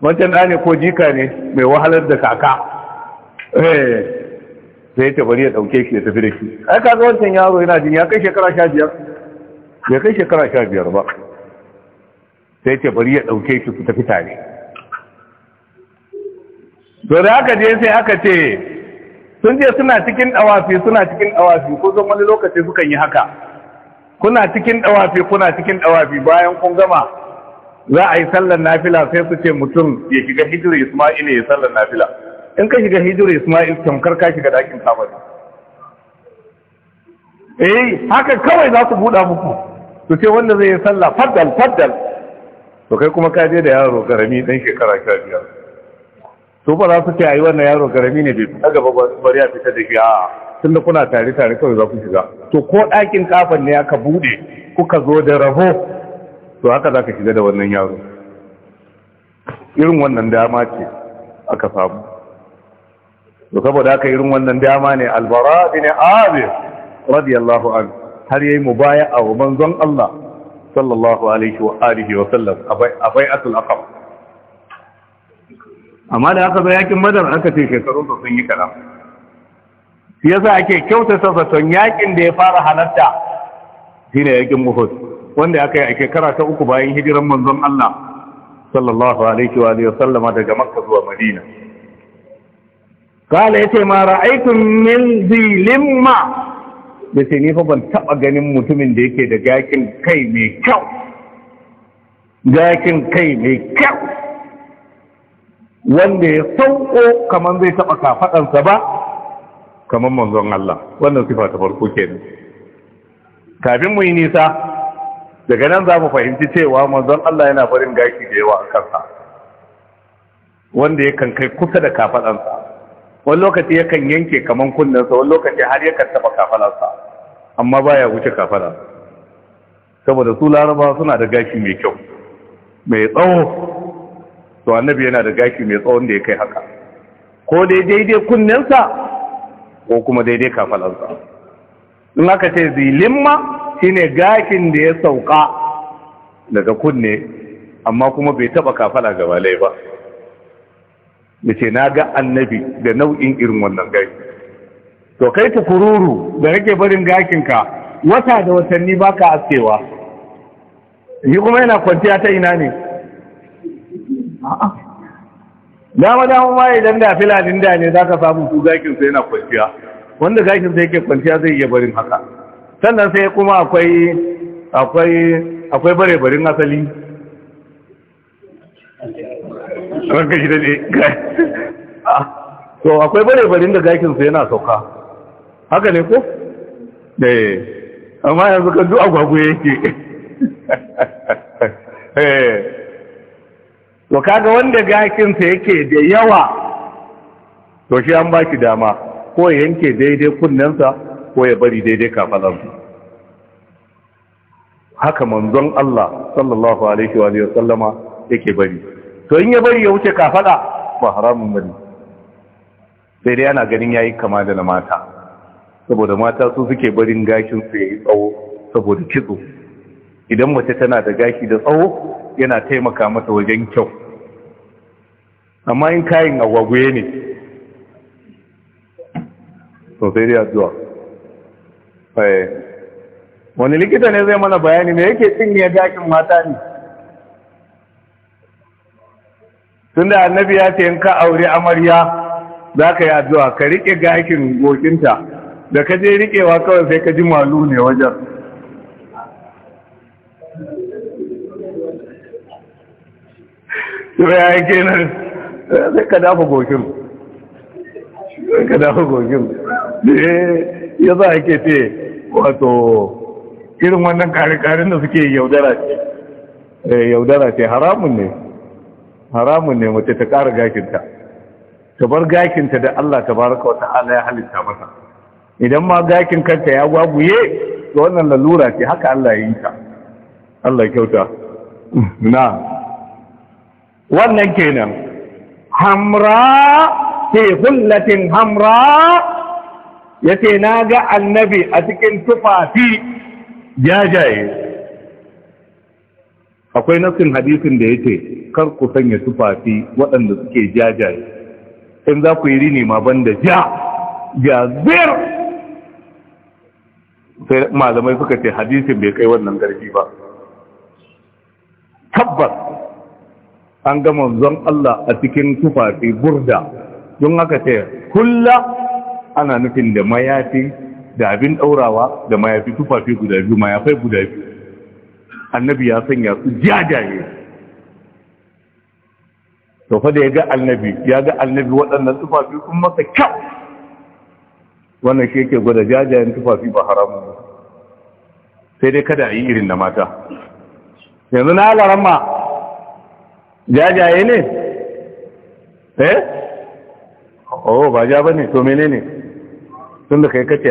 wancan da ne ko jika ne mai wahalar da kaka Eh, sai ta bari ya dauke shi ya tafi da shi ai kaga wancan yaro yana jin ya kai shekara 15 ya kai shekara 15 ba sai ta bari ya dauke shi su tafi tare to da aka je sai aka ce sun je suna cikin dawafi suna cikin dawafi ko zan wani lokaci sukan yi haka kuna cikin dawafi kuna cikin dawafi bayan kun gama za a yi sallar nafila sai su ce mutum ya shiga hijira Isma'il ya sallar nafila in ka shiga hijira ismail tamkar ka shiga dakin kabari eh haka kawai za su buɗa muku su ce wanda zai yi sallah faddal faddal to kai kuma ka je da yaro karami dan shekara sha biyar to ba za su ce ayi wannan yaro karami ne bai fita gaba bari a fita da shi a da kuna tare tare kawai za ku shiga to ko ɗakin kafan ne aka buɗe kuka zo da rabo to haka za ka shiga da wannan yaro irin wannan dama ce aka samu to saboda haka irin wannan dama ne albara bin abir radiyallahu an har yayi mubaya'a wa manzon Allah sallallahu alaihi wa alihi wa sallam abai asul aqab amma da aka zo yakin madar aka ce shekarun su sun yi karam shi yasa ake kyautata zaton yakin da ya fara halatta shine yakin uhud wanda aka yi a shekara ta uku bayan hijiran manzon Allah sallallahu alaihi wa alihi wa sallama daga makka zuwa madina kala ce ma aikin min zilimma da ni fa ban taba ganin mutumin da yake da gakin kai mai kyau gakin kai mai kyau wanda ya sauko kamar zai taba kafadansa ba kaman manzon Allah wannan sifa ta farko kenan kafin mu yi nisa daga nan za mu fahimci cewa manzon Allah yana farin gaki da yawa a kansa wanda ya kan kai kusa da kafadansa wani lokaci yakan yanke kaman kunnensa wani lokaci har yakan taba kafalarsa amma ba ya wuce kafala saboda su laraba suna da gashi mai kyau mai tsawo to annabi yana da gashi mai tsawon da ya kai haka ko dai daidai kunnensa ko kuma daidai kafalarsa in aka ce zilimma shine gashin da ya sauka daga kunne amma kuma bai taba kafala gabalai ba ya ce na ga annabi da nau'in irin wannan gai to kai ta kururu da rage barin gakinka wata da watanni ba ka askewa yi kuma yana kwanciya ta ina ne dama dama ma idan da filadin da ne za ka samu su gakin sai yana kwanciya wanda gakin sai yake kwanciya zai iya barin haka sannan sai kuma akwai akwai akwai bare-barin asali ranka shi akwai bare-barin da su yana sauka haka ne ko? da eh. amma yanzu kan duk agwagwa yake eh. to kaga wanda gakinsa yake da yawa to shi an baki dama ko ya yanke daidai kunnensa ko ya bari daidai kafalansu haka manzon Allah sallallahu alaihi wa sallama yake bari to in ya bari ya wuce kafada ba haramun bari sai dai ana ganin yayi kama da na mata saboda mata su suke barin gashin su yayi tsawo saboda kitso idan mace tana da gashi da tsawo yana taimaka mata wajen kyau amma in kayan agwagwaye ne to sai dai addu'a eh, wani likita ne zai mana bayani ne yake cin ya gashin mata ne tunda annabi ya ce in ka aure amarya za ka yi addu'a ka riƙe gashin gokinta da ka je riƙewa kawai sai ka ji malu ne wajen ya yi kenan sai ka dafa gokin sai ka dafa gokin eh, ya za a ke ce wato irin wannan ƙari-ƙarin da suke yaudara ce eh, yaudara ce haramun ne haramun ne mace ta ƙara gakinta ta bar gakinta da Allah ta baraka wata ala ya halitta mata idan ma gakin kanta ya gwaguye to wannan lalura ce haka Allah ya yi ta Allah kyauta na wannan kenan hamra fi hullatin hamra ya ce na ga annabi a cikin tufafi jajaye akwai nafsin hadisin da yace kar ku sanya tufafi waɗanda suke jajaye in za ku yi rini ma banda ja ja zir sai malamai suka ce hadisin bai kai wannan ƙarfi ba tabbas an gama zon Allah a cikin tufafi burda don haka ce kulla ana nufin da mayafi da abin ɗaurawa da mayafi tufafi guda biyu mayafai guda biyu annabi ya sanya su jajaye to fa da ya ga annabi ya ga annabi waɗannan tufafi sun masa kyau wannan shi yake gwada jajayen tufafi ba haramun ba sai dai kada a yi irin da mata yanzu na ma jajaye ne eh oh ba ja ba ne to mene ne tun da kai kace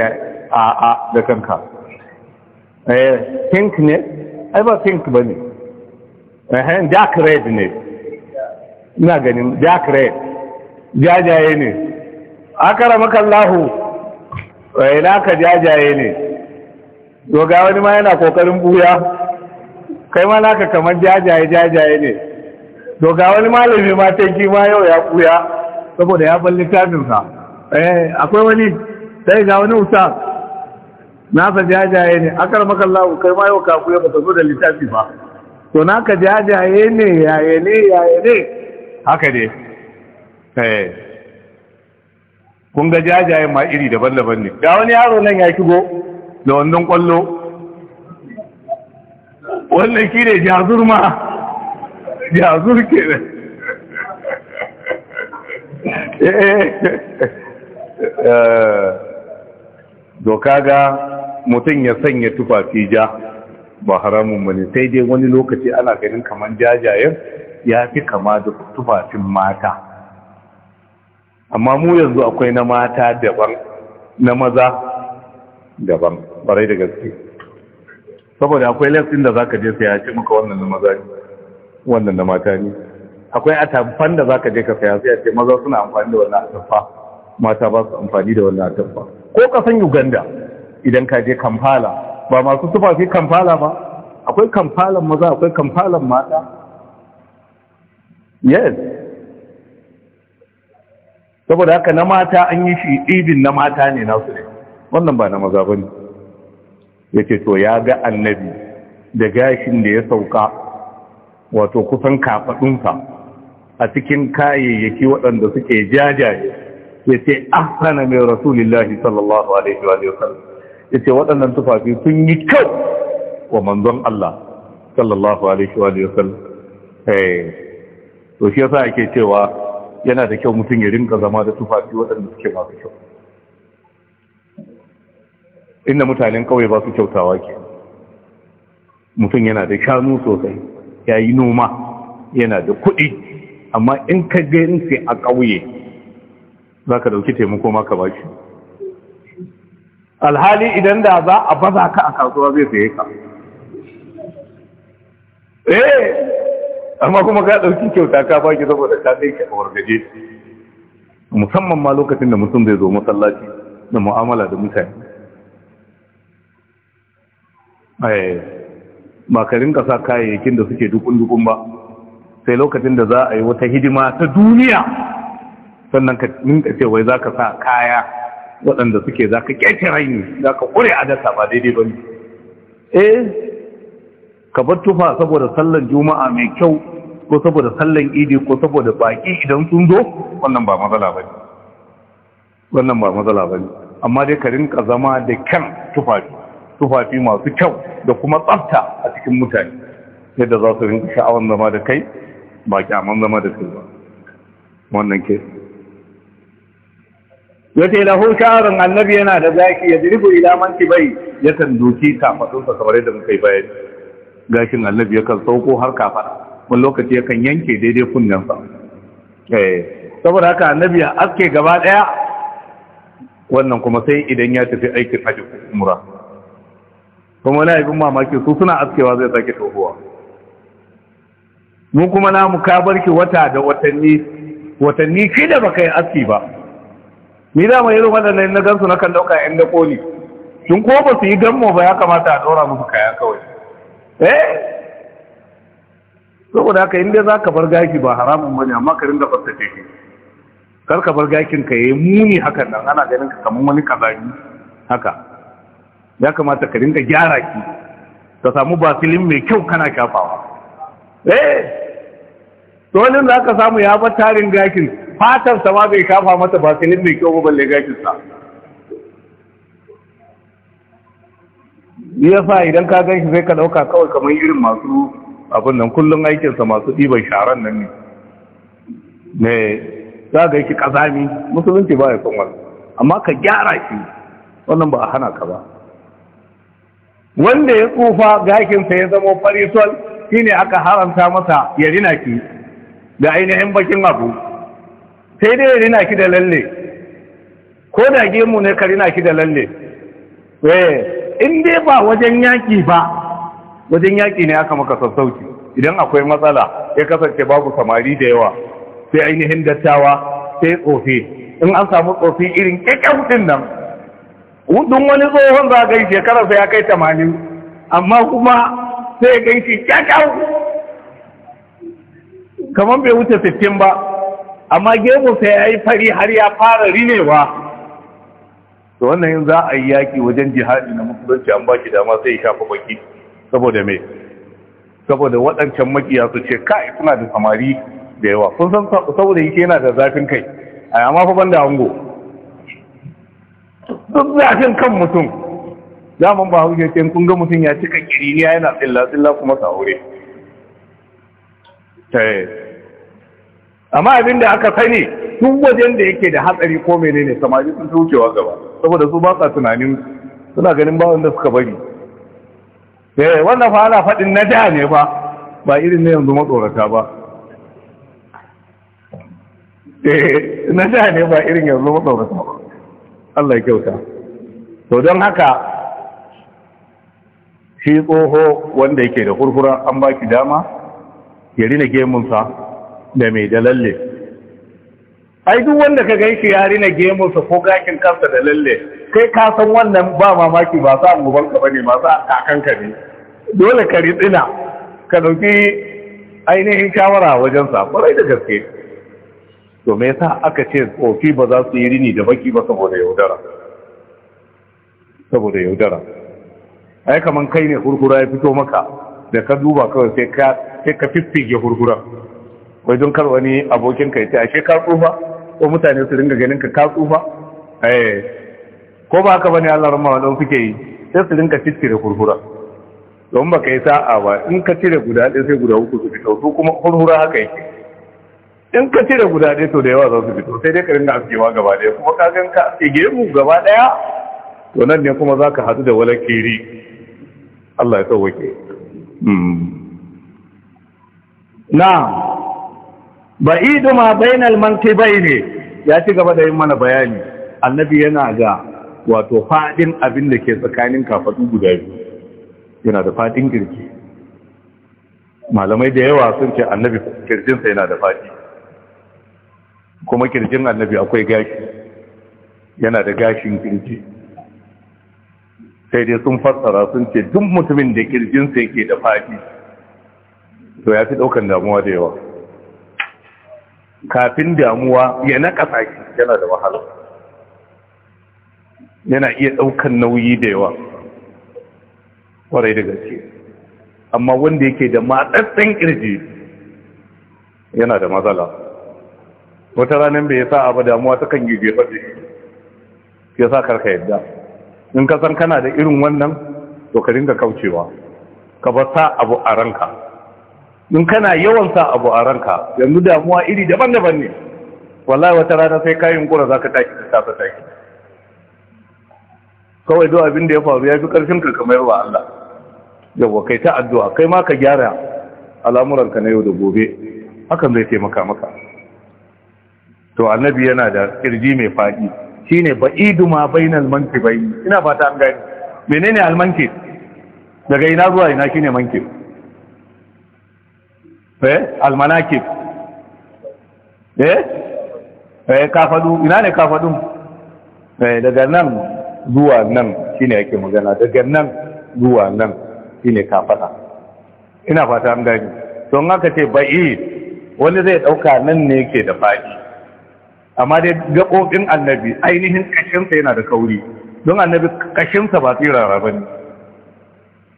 a a da kanka eh pink ne ai ba pink ba ne ehem jack red ne ina ganin jack red jajaye ne akara makallahu ina eh, ka jajaye ne doga wani ma yana kokarin buya kai ma naka kamar jajaye jajaye ne doga wani malami ma tanki ma yau ya buya saboda ya bar littafinsa eh akwai wani sai ga wani usta nasa jajaye ne akar maka Allah kai ma yau kaku ya bata zo da littafi ba to naka jajaye ne yaye ne yaye ne haka ne eh kun ga jajaye ma iri daban-daban ne ga wani yaro nan ya kigo da wannan kwallo wannan kire ne jazur ma jazur ke ne [laughs] eh, eh. eh. Doka ga mutum ya sanya tufafi ja ba haramun mani sai dai wani lokaci ana ganin kamar jajayen ya fi kama da tufafin mata amma mu yanzu akwai na mata daban na maza daban barai da gaske saboda akwai lafin da ka je sai ya maka wannan na maza ne wannan na mata ne akwai atamfan da ka je ka saya sai ya ce maza suna amfani da wannan atamfa mata ba su amfani da wannan atamfa ko kasan uganda idan ka je Kampala, ba masu tufafi Kampala ba akwai Kampala maza akwai Kampala mata yes saboda haka na mata an yi shi ɗibin na mata ne su ne wannan ba na maza ba ne ya ce to ya ga annabi da gashin da ya sauka wato kusan kafaɗunsa a cikin kayayyaki waɗanda suke jajaye Ya ce ahsana min rasulillahi sallallahu alaihi wa sallam ce waɗannan tufafi sun yi kyau wa manzon Allah sallallahu alaihi wa sallam eh to shi yasa ake cewa yana da kyau mutum ya rinka zama da tufafi waɗanda suke masu kyau inda mutanen kawai ba su kyautawa ke mutum yana da shanu sosai ya yi noma yana da kuɗi amma in ka gairin sai a ƙauye za ka ɗauki taimako maka ba shi alhali idan da za a baza ka a kasuwa zai saye ka eh amma kuma ka ɗauki kyauta ka ba ki saboda ka ki a wargaje musamman ma lokacin da mutum zai zo masallaci da mu'amala da mutane eh, ba ka rinka sa kayayyakin da suke dukun-dukun ba sai lokacin da za a yi wata hidima ta duniya sannan ka ninka ce wai za ka sa kaya waɗanda suke za ka ƙyaƙi raini za ka ƙure a dasa ba daidai ba ne eh ka bar tufa saboda sallan juma'a mai kyau ko saboda sallan idi ko saboda baƙi idan sun zo wannan ba matsala ba ne wannan ba matsala ba ne amma dai ka rinka zama da kyan tufafi tufafi masu kyau da kuma tsafta a cikin mutane yadda za su rinka sha'awan zama da kai ba kyaman zama da kai ba wannan ke yace lahu sha'arun annabi yana da zaki ya dirbu ila manki bai ya kan doki kafadun sa kamar yadda muka yi bayani gashin annabi ya kan sauko har kafada wani lokaci ya kan yanke daidai kunnensa. eh saboda haka annabi ya aske gaba daya wannan kuma sai idan ya tafi aikin hajji ko umra kuma wani abin mamaki su suna askewa zai sake tohuwa mu kuma namu ka barki wata da watanni watanni shida baka yi aski ba ni da mai irin waɗannan na gansu na kan ɗauka ‘yan da ƙoli sun ko ba su yi mu ba ya kamata a dora musu kaya kawai eh saboda haka inda za ka bar gaki ba haramun ba ne amma ka ringa fattace shi kar ka bar gakin ka yayi muni hakan nan ana ganin ka kaman wani kazani haka ya kamata ka rinda gyara ki ka samu basilin mai kyau kana shafawa eh ne za ka samu ya bar tarin gakin fatar sama bai kafa mata basilin mai kyau ba balle gashin sa sa idan ka ganshi sai ka dauka kawai kamar irin masu abin nan kullun aikin sa masu diban sharan nan ne ne za ga yake kazami musulunci ba ya son wannan amma ka gyara shi wannan ba a hana ka ba wanda ya tsufa gashinsa ya zama farisol shine aka haramta masa ya rina da ainihin bakin abu sai dai ya rina ki da lalle ko da gemu ne ka rina ki da lalle eh, in dai ba wajen yaki ba wajen yaƙi ne aka maka sassauci idan akwai matsala ya kasance babu samari da yawa sai ainihin dattawa sai tsofi in an samu tsofi irin ƙyaƙƙyautin nan dun wani tsohon za a gai shekararsa ya kai tamanin amma kuma sai ya gai shi ƙyaƙƙyau kamar bai wuce 15 ba amma sai ya yi fari har ya fara rinewa to wannan yin za a yi yaƙi wajen jihadi na musulunci an ba shi dama sai ya shafa baki saboda mai saboda waɗancan makiya su ce kai suna da samari da yawa sun san saboda yake yana da zafin kai a yamma fa da hango duk zafin kan mutum zaman ba hauke ce kun ga mutum ya cika kiriniya yana tsilla tsilla kuma sa aure eh. amma abin da aka sani duk wajen da yake da hatsari ko menene samari sun wucewa gaba saboda su ba sa tunanin suna ganin ba wanda suka bari eh wannan fa ana faɗin na da ne ba ba irin na yanzu matsorata ba eh na da ne ba irin yanzu matsorata ba Allah ya kyauta to don haka shi tsoho wanda yake da kurkura an baki dama ya rina gemunsa da mai da lalle ai duk wanda ka gan shi ya rina gemunsa ko gakin kansa da lalle kai ka san wannan ba mamaki ba sa angubanka ba ne ba sa ka ne dole ka ritsina ka ɗauki ainihin shawara wajensa barai da gaske to me yasa aka ce tsofi ba za su yi rini da baki ba saboda yaudara saboda yaudara ai kaman kai ne hurgura ya fito maka da ka duba kawai sai ka sai ka fiffige hurhura wai don kar wani abokin ka yace ashe ka tsufa ko mutane su ringa ganin ka ka tsufa eh ko ba ka bane Allah rahma wadau suke yi sai su ringa ciccire hurhura. don ba yi sa'a ba in ka cire guda ɗaya sai guda uku su fito su kuma hurhura haka yake in ka cire guda ɗaya to da yawa za su fito sai dai ka ringa askewa gaba ɗaya kuma ka gan ka aske mu gaba ɗaya to nan ne kuma za ka haɗu da wala kiri Allah ya sauwake hmm. na ba'idu ma bainal mantibai ne ya ci gaba da yin mana bayani annabi yana ga wato fadin abin da ke tsakanin kafadu guda biyu yana da fadin kirki malamai da yawa sun ce annabi kirjinsa yana da fadi kuma kirjin annabi akwai gashi yana da gashin kirji sai dai sun fassara sun ce duk mutumin da kirjinsa yake da fadi to ya fi daukan damuwa da yawa kafin damuwa ya naƙasa shi yana da wahala yana iya ɗaukan nauyi da yawa ƙwarai da gaske amma wanda yake da matsatsen ƙirji yana da matsala wata ranar bai sa abu damuwa ta kan yi jefar da shi ya sa karka yadda in ka san kana da irin wannan to ka dinga kaucewa ka ba sa abu a ranka in kana yawan sa abu a ranka yanzu damuwa iri daban-daban ne wallahi wata rana sai kayan kura ka tashi ka tafi tashi kawai zuwa abin da ya faru ya fi ƙarfin ka kamar wa Allah yawa kai ta addu'a kai ma ka gyara al'amuranka na yau da gobe hakan zai taimaka maka to annabi yana da kirji mai fadi shine ba'idu ma bainal bai. ina fata an gani menene almanki daga ina zuwa ina shine manki eh almanakib eh eh kafadu ina ne kafadun eh daga nan zuwa nan shine yake magana daga nan zuwa nan shine kafada ina fata an gani to in aka ce ba'id wani zai dauka nan ne yake da faɗi amma dai gaɓoɓin annabi ainihin kashinsa yana da kauri don annabi kashinsa ba tsirara ba ne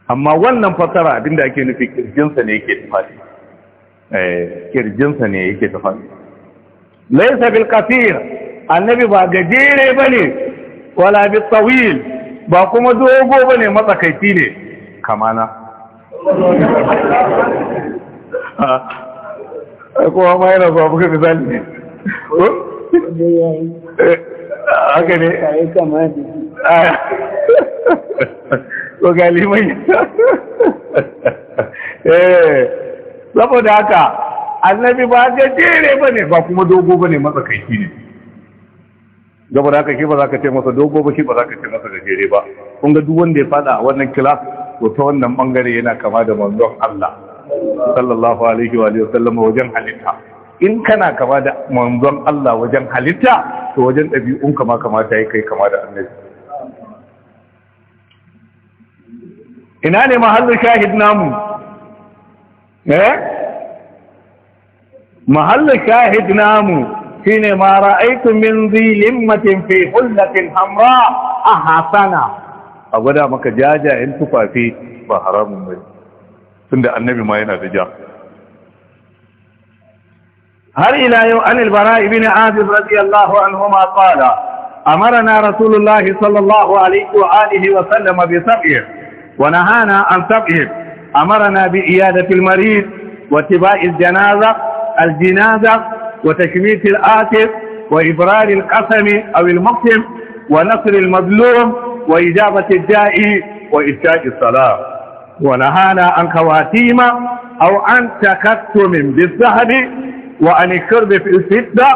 amma wannan fasara abinda ake nufi kirjinsa ne yake da faɗi Eh, kirjinsa ne yake ta faɗi laisa bil kafir annabi ba gajere ba ne wala bi tsawil ba kuma dogo ba ne matsakaici ne kamana ba [laughs] misali ne eh, ne [laughs] [laughs] saboda haka annabi ba jere ba ne ba kuma dogo ba ne matsakaici ne saboda haka shi ba za ka ce masa dogo ba shi ba za ka ce masa gajere ba kun ga duk wanda ya fada a wannan kilas to ta wannan bangare yana kama da manzon Allah sallallahu alaihi wa sallam wajen halitta in kana kama da manzon Allah wajen halitta to wajen ɗabi'un kama ta yi kai kama da annabi ina ne mahallin shahid namu إيه؟ محل شاهد نامو حينما رأيت من ذي لمة في حلة حمراء أحسنا أبدا مكا جاجا أنت فاتي بحرام مي سند النبي ما ينا تجا هل إلى يوم أن البراء بن عازب رضي الله عنهما قال أمرنا رسول الله صلى الله عليه وآله وسلم بسبعه ونهانا عن سبعه أمرنا بإيادة المريض واتباع الجنازة الجنازة وتشميت الآتف وإبرار القسم أو المقسم ونصر المظلوم وإجابة الداء وإشاء الصلاة ونهانا عن خواتيم أو عن تكتم بالذهب وعن الشرب في الفضة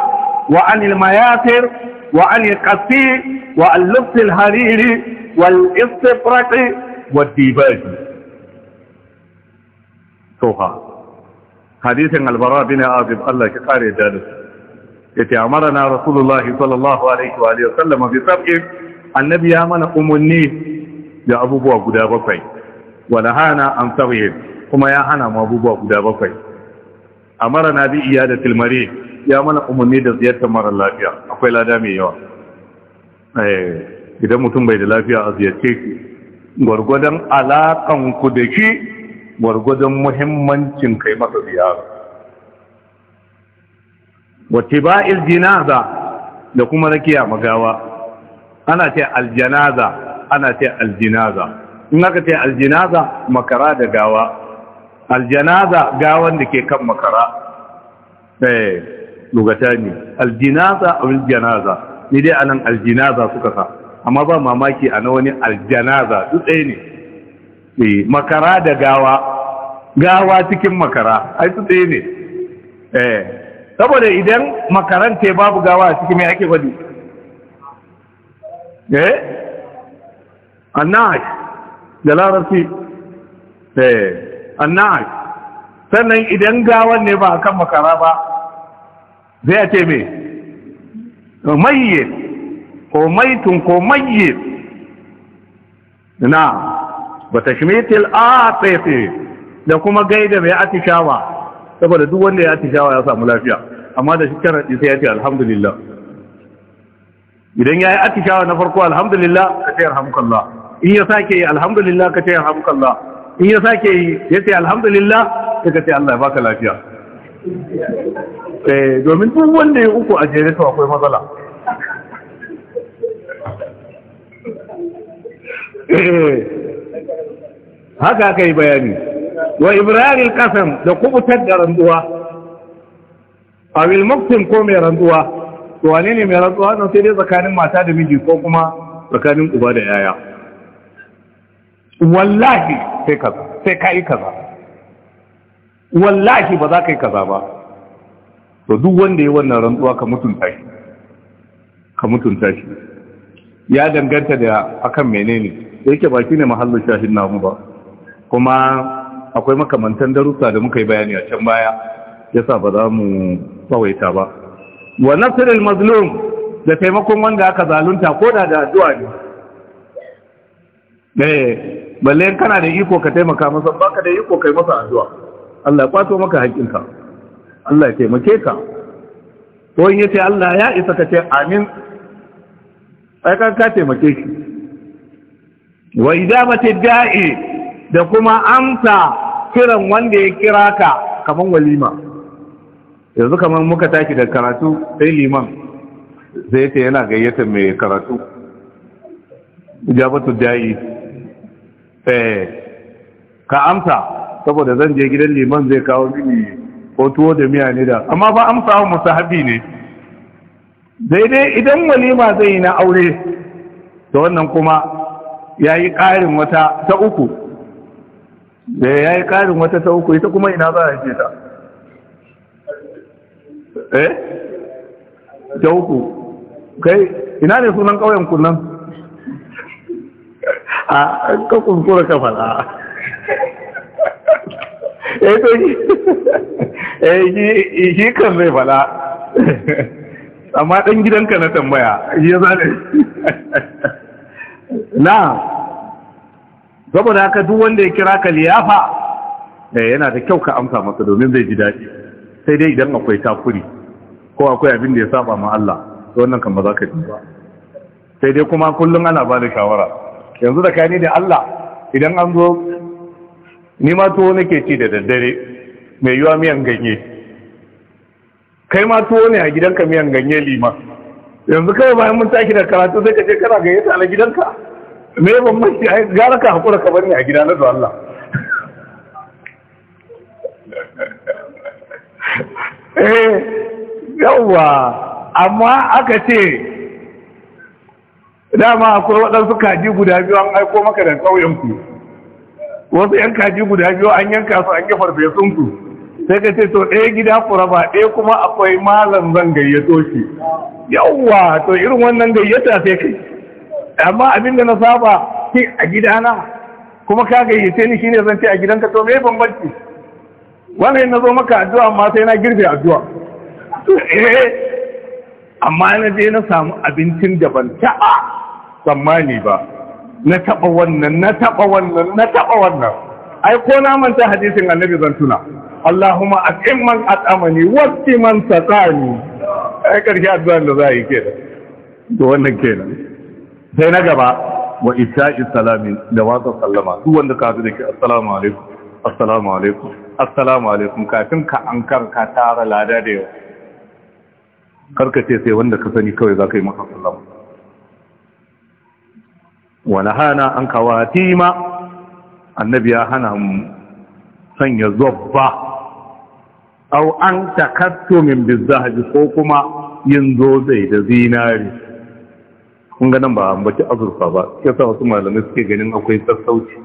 وعن المياثر وعن القصي وعن لبس الحرير والاستفرق والديباج soha hadisin albara bin azib Allah ki kare da su yace na rasulullahi sallallahu alaihi wa alihi sallama bi sab'i annabi ya mana umunni da abubuwa guda bakwai wala hana an sawiye kuma ya hana mu abubuwa guda bakwai na bi iyadatul mari ya mana umunni da ziyartar mara lafiya akwai lada mai yawa eh idan mutum bai da lafiya a ziyarce ki gwargwadon alakan ku da shi gwargwadon muhimmancin kai masa ziyara wata ba'il jinaza da kuma rakiya magawa ana ce aljanaza ana ce aljinaza in aka ce aljinaza makara da gawa aljanaza gawan da ke kan makara eh lugata ne aljinaza aljanaza ni dai anan aljinaza suka sa amma ba mamaki a na wani aljanaza duk ɗaya ne eh, makara da gawa gawa cikin makara ai su tsaye ne eh saboda idan makaranta babu gawa a cikin mai ake wadi eh annash da larabci eh annash sannan idan gawan ne ba a kan makara ba zai a ce mai mayyit ko maitun ko mayyit na ba tashmitil a tsaye da kuma gaida mai atishawa saboda duk wanda ya atishawa ya samu lafiya amma da shikarar sai ya ce alhamdulillah idan ya yi atishawa na farko alhamdulillah ka ce alhamdulillah in ya sake yi alhamdulillah ka ce alhamdulillah in ya sake yi ya ce alhamdulillah ka ka ce Allah ya baka lafiya eh domin duk wanda ya uku a jere to akwai matsala eh, haka aka yi bayani wa Ibrahim qasam da kubutar da rantsuwa a muktim ko mai rantsuwa to wane ne mai rantsuwa nan sai dai tsakanin mata da miji ko kuma tsakanin uba da yaya wallahi sai sai ka yi kaza wallahi ba za ka yi kaza ba to duk wanda ya wannan rantsuwa ka mutunta shi ka mutunta shi ya danganta da akan menene yake ba shine mahallin shahin namu ba kuma akwai makamantan darussa da muka yi bayani a can baya Ya sa ba za mu tsawaita ba wa nasirin mazlum da taimakon wanda aka zalunta ko da da addu'a ne eh balle kana da iko ka taimaka masa baka da iko kai masa addu'a Allah ya kwato maka haƙinka Allah ya taimake ka ko in yace Allah ya isa ka ce amin ai ka taimake shi wa idamati da'i da kuma amsa kiran wanda ya kira ka kamar walima yanzu kamar muka tashi da karatu sai liman zai ce yana gayyatar mai karatu Jabatu jayi eh ka amsa saboda zan je gidan liman zai kawo mini ko tuwo da miya ne da amma ba amsa wa musahabi ne daidai idan walima zai yi na aure da wannan kuma ya yi ƙarin wata ta uku da eh, ya yi ƙarin wata ta uku ita kuma ina za a ce ta eh ta uku kai ina ne sunan ƙauyen kunan a kakun kura ka fada eh to yi yi eh, kan zai fada amma ɗan gidanka na tambaya shi ya zane na saboda haka duk wanda ya kira ka liyafa da eh, yana da kyau ka amsa masa domin zai ji daɗi sai dai idan akwai takuri ko akwai abin da ya saba ma Allah to wannan kan ba za ka ji ba sai dai kuma kullum ana ba da shawara yanzu da ka ni da Allah idan an zo ni ma tuwo nake ci da daddare mai yiwa miyan ganye kai ma tuwo ne a gidanka miyan ganye lima yanzu kawai bayan mun taki da karatu sai ka je kana gayyata a gidanka me ban mashi ai gara ka haƙura ka bari a gida na zuwa Allah [laughs] eh yawwa amma aka ce dama akwai waɗansu kaji guda biyu an aiko maka da ƙauyenku wasu ‘yan kaji guda biyu an yanka su an yi farfesunku sai ka ce to ɗaya gida kuraba ɗaya kuma akwai malam zan gayyato shi yawwa to irin wannan gayyata sai kai amma abin da na saba ke a gidana kuma ka gayyace ni shine zan ce a gidanka to me bambanci wannan na zo maka addu'a amma sai na girbe addu'a [laughs] amma na je na samu abincin da ban taɓa tsammani ba na taɓa wannan na taɓa wannan na taɓa wannan ai ko na manta hadisin annabi zan tuna Allahumma at'im man at'amani wasti man tsani. ai karshe addu'a da za a yi kenan to wannan kenan sai na gaba wa isha'i salami da watsa sallama duk wanda ka da ke assalamu alaikum assalamu alaikum assalamu alaikum kafin ka an ka tara lada da yau karkace sai wanda ka sani kawai za ka yi masa sallama wani hana an kawati ma annabi ya hana mu sanya zobba au an takatto min bizzahaji ko kuma yin zozai da zinari kun ga nan ba ambaci azurfa ba ya sa wasu malamai suke ganin akwai sassauci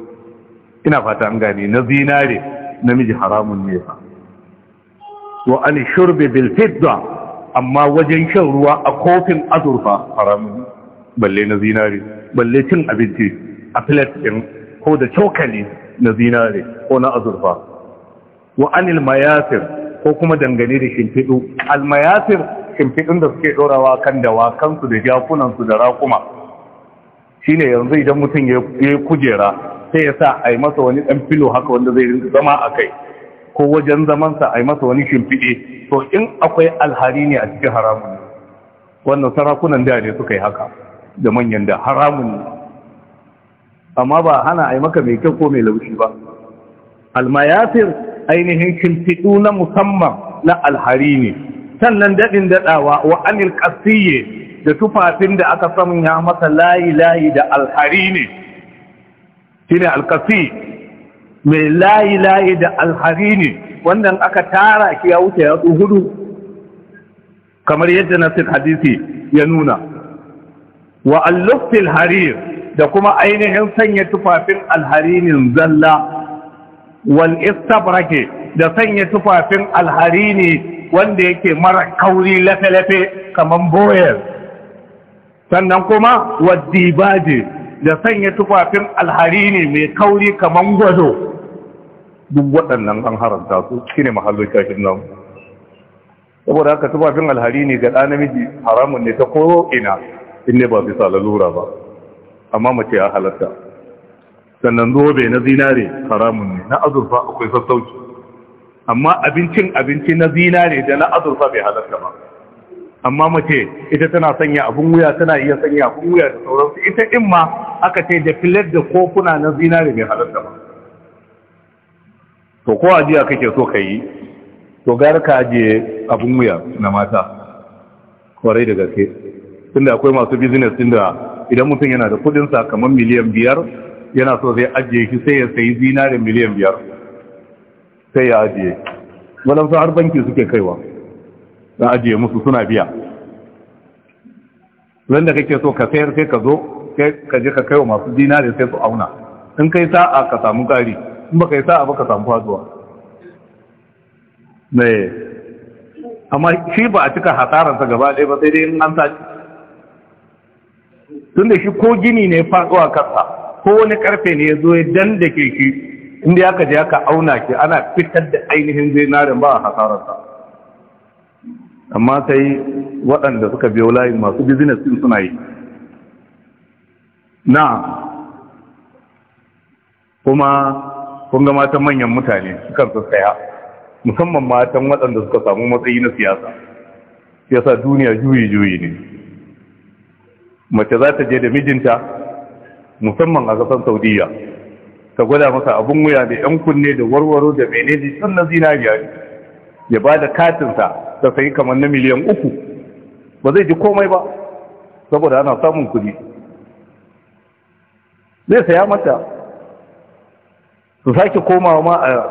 ina fata an gane na zinare namiji haramun ne Wa'ani wa an bil fidda amma wajen shan ruwa a kofin azurfa haramun balle na zinare balle cin abinci a plate din ko da cokali na zinare ko na azurfa wa anil mayasir ko kuma dangane da shimfiɗu al mayasir kimfiɗin da suke ɗorawa kan dawakansu da jakunansu da raƙuma ne yanzu idan mutum ya yi kujera sai ya sa a yi masa wani ɗan filo haka wanda zai zama a kai ko wajen zamansa a yi masa wani shimfiɗe to in akwai alhari ne a cikin haramun wannan sarakunan da ne suka yi haka da manyan da haramun ne amma ba hana a yi maka mai kyau ko mai laushi ba almayafir ainihin shimfiɗu na musamman na alhari ne sannan daɗin daɗawa wa anil ƙasiyye da tufafin da aka sanya masa layi-layi da alhari ne shi ne alkasi mai layi-layi da alhari ne wannan aka tara shi ya wuce ya hudu kamar yadda na hadisi ya nuna wa alluftil harir da kuma ainihin sanya tufafin alharinin zalla wal istabrake da sanya tufafin alhari ne wanda yake mara kauri lafe-lafe kamar boyar sannan kuma wadibaje da sanya tufafin alhari ne mai kauri kamar gwazo duk waɗannan an haramta su shi ne mahallin shafin nan saboda haka tufafin alhari ne ga ɗa namiji haramun ne ta koro in ne ba bisa lalura ba amma mace ya halatta sannan zobe na zinare haramun ne na azurfa akwai sassauci amma abincin abinci na zinare da na azurfa bai halarta ba amma mace ita tana sanya abun wuya tana iya sanya abun wuya da sauransu ita in ma aka ce da filet da kofuna na zinare bai halarta ba to ko ajiya kake so ka yi to gara ka ajiye abun wuya na mata kwarai da gaske tunda akwai masu business tunda idan mutum yana da sa kamar miliyan biyar yana so zai ajiye shi sai ya sayi zinare miliyan biyar sai ya ajiye waɗansu har banki suke kaiwa na ajiye musu suna biya wanda kake so ka sayar sai ka zo ka je ka kai wa masu da sai su auna in kai sa'a ka samu gari in ba kai sa'a ba ka samu faduwa mai eh. amma shi ba a cika hasararsa gaba ɗaya ba sai dai in an sace tun da shi ko gini ne faɗuwa kasa ko wani karfe ne ya zo ya ke shi inda aka je aka auna ki ana fitar da ainihin zinarin ba a hasararsa amma sai waɗanda suka biyo layin masu business din suna yi na kuma kun matan manyan mutane sukan su musamman matan waɗanda suka samu matsayi na siyasa siyasa duniya juyi-juyi ne mace za ta je da mijinta musamman a ƙasar saudiya ta gwada masa abin wuya da yan kunne da warwaro da ne sun na zinariya ne ya ba da katinsa ta sayi kamar na miliyan uku ba zai ji komai ba saboda ana samun kuɗi zai saya mata su sake komawa ma a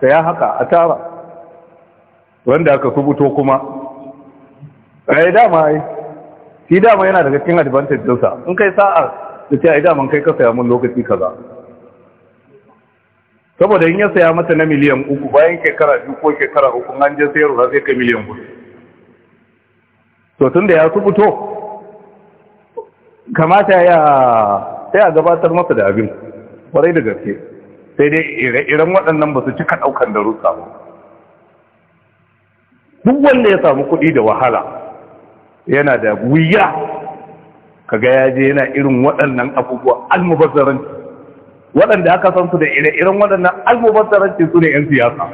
saya haka a tara wanda aka rubuto kuma A yi dama ai shi dama yana daga cikin advantage dinsa in kai sa'a da ce ai daman kai ka saya mun lokaci kaza saboda in ya saya mata na miliyan uku bayan shekara biyu ko shekara uku an je sayarwa zai kai miliyan hudu to tun da ya fito kamata ya sai a gabatar masa da abin kwarai da gaske sai dai ire waɗannan ba su cika ɗaukan da rusa ba duk wanda ya samu kuɗi da wahala yana da wuya kaga ya je yana irin waɗannan abubuwa almubazzaranci waɗanda aka san su da ire-iren waɗannan almubazzaranci su ne 'yan siyasa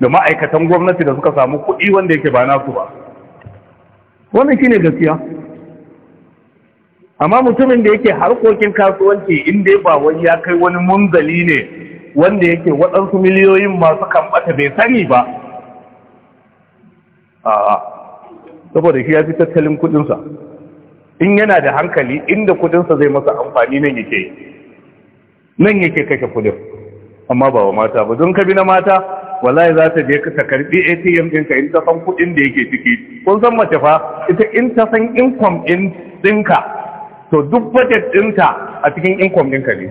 da ma'aikatan gwamnati da suka samu kuɗi wanda yake ba nasu ba wannan shi ne gaskiya amma mutumin da yake harkokin kasuwanci inda ba wani ya kai wani munzali ne wanda yake waɗansu miliyoyin masu kambata bai sani ba a'a saboda shi ya fi tattalin kuɗinsa in yana da hankali inda kuɗinsa zai masa amfani nan yake yi nan yake kashe kudin amma ba wa mata ba don kabi na mata wallahi za ta je ka karbi ATM ɗinka in ta san kuɗin da yake ciki kun san mace fa ita in ta san income ɗin ɗinka to duk budget ɗinta a cikin income ɗinka ne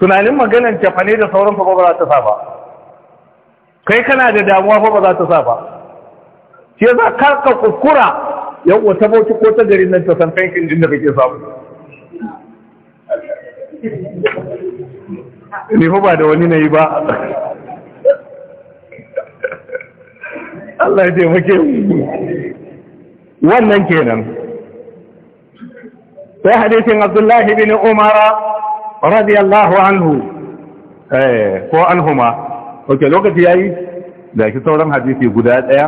tunanin maganar cefa ne da sauran fa ba za ta sa ba kai kana da damuwa fa ba za ta sa ba shi yasa karka kuskura yau wata bauchi ko ta garin nan ta san kankin ɗin da kake samu ni fa ba da wani na yi ba Allah ya taimake wannan kenan sai hadisin abdullahi bin umara radiyallahu anhu eh ko anhuma oke lokaci yayi da ki sauran hadisi guda daya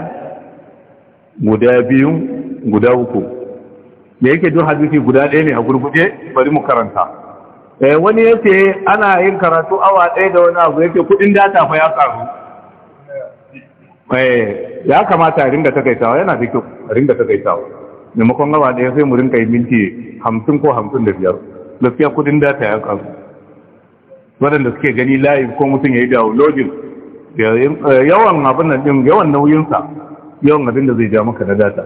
guda biyu guda uku me yake duk hadisi guda daya ne a gurguje bari mu karanta Eh, wani yake ana yin karatu awa ɗaya da wani abu yake kudin data fa ya karu mai eh, ya kamata a ringa takaitawa yana da kyau a ringa takaitawa maimakon awa ɗaya sai mu ringa yi minti hamsin ko hamsin da biyar gaskiya kudin data ya karu waɗanda suke gani layi ko mutum ya yi downloading eh, yawan abin nan ɗin yawan nauyinsa yawan abin da zai ja maka na data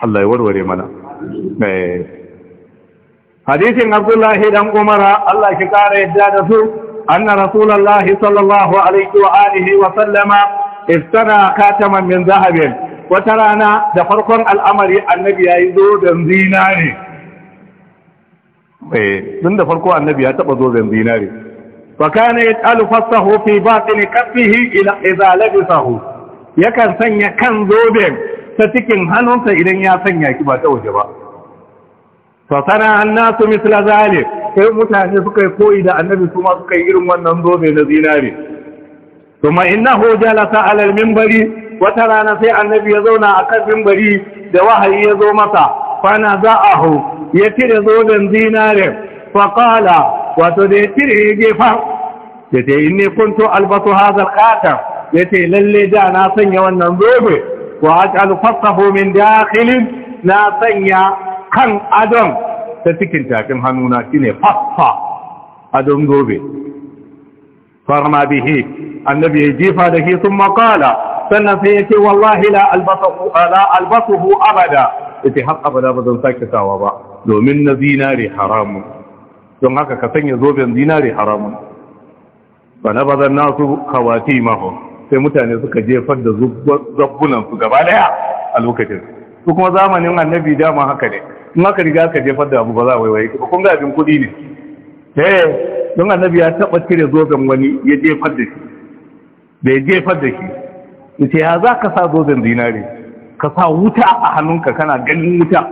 Allah ya warware mana eh hadisin abdullahi dan umara Allah ki kara yadda da su anna rasulullahi sallallahu alaihi wa alihi wa sallama iftana kataman min zahabin wata rana da farkon al'amari annabi yayi zo da zinare eh tun da farko annabi ya taba zo da zinare fa kana yatalu fasahu fi batni kaffihi ila idza labisahu yakan sanya kan zoben ta cikin hannunsa idan ya sanya ki ba ta waje ba Fasana an nasu misla sai mutane suka yi koyi da annabi su ma suka yi irin wannan zobe na zinare kuma innahu jalasa ala al-minbari wata rana sai annabi ya zauna akan mimbari da wahayi ya zo masa a hau ya cire zoben zinare fakala wato da ya cire ya gefa ya ce inni kuntu albatu hadha al ya ce lalle da na sanya wannan zobe wa aj'alu fasahu min dakhilin na sanya kan adon ta cikin tafin hannuna shine faffa adon zobe farma bihi annabi ya jifa da shi sun makala sannan sai ya ce wallahi la albasuhu abada ita har abada ba zan sake sawa ba domin na zinare haramun don haka ka sanya zoben zinare haramun ba na bazan nasu kawati maho sai mutane suka jefar da zabbunansu gaba daya a lokacin su kuma zamanin annabi dama haka ne maka riga ka jefar da abu ba za a waiwaye ba kun ga abin kuɗi ne eh don annabi ya taɓa cire zoben wani ya jefar da shi da ya jefar da shi yace ya za ka sa zoben zinare ka sa wuta a hannunka kana ganin wuta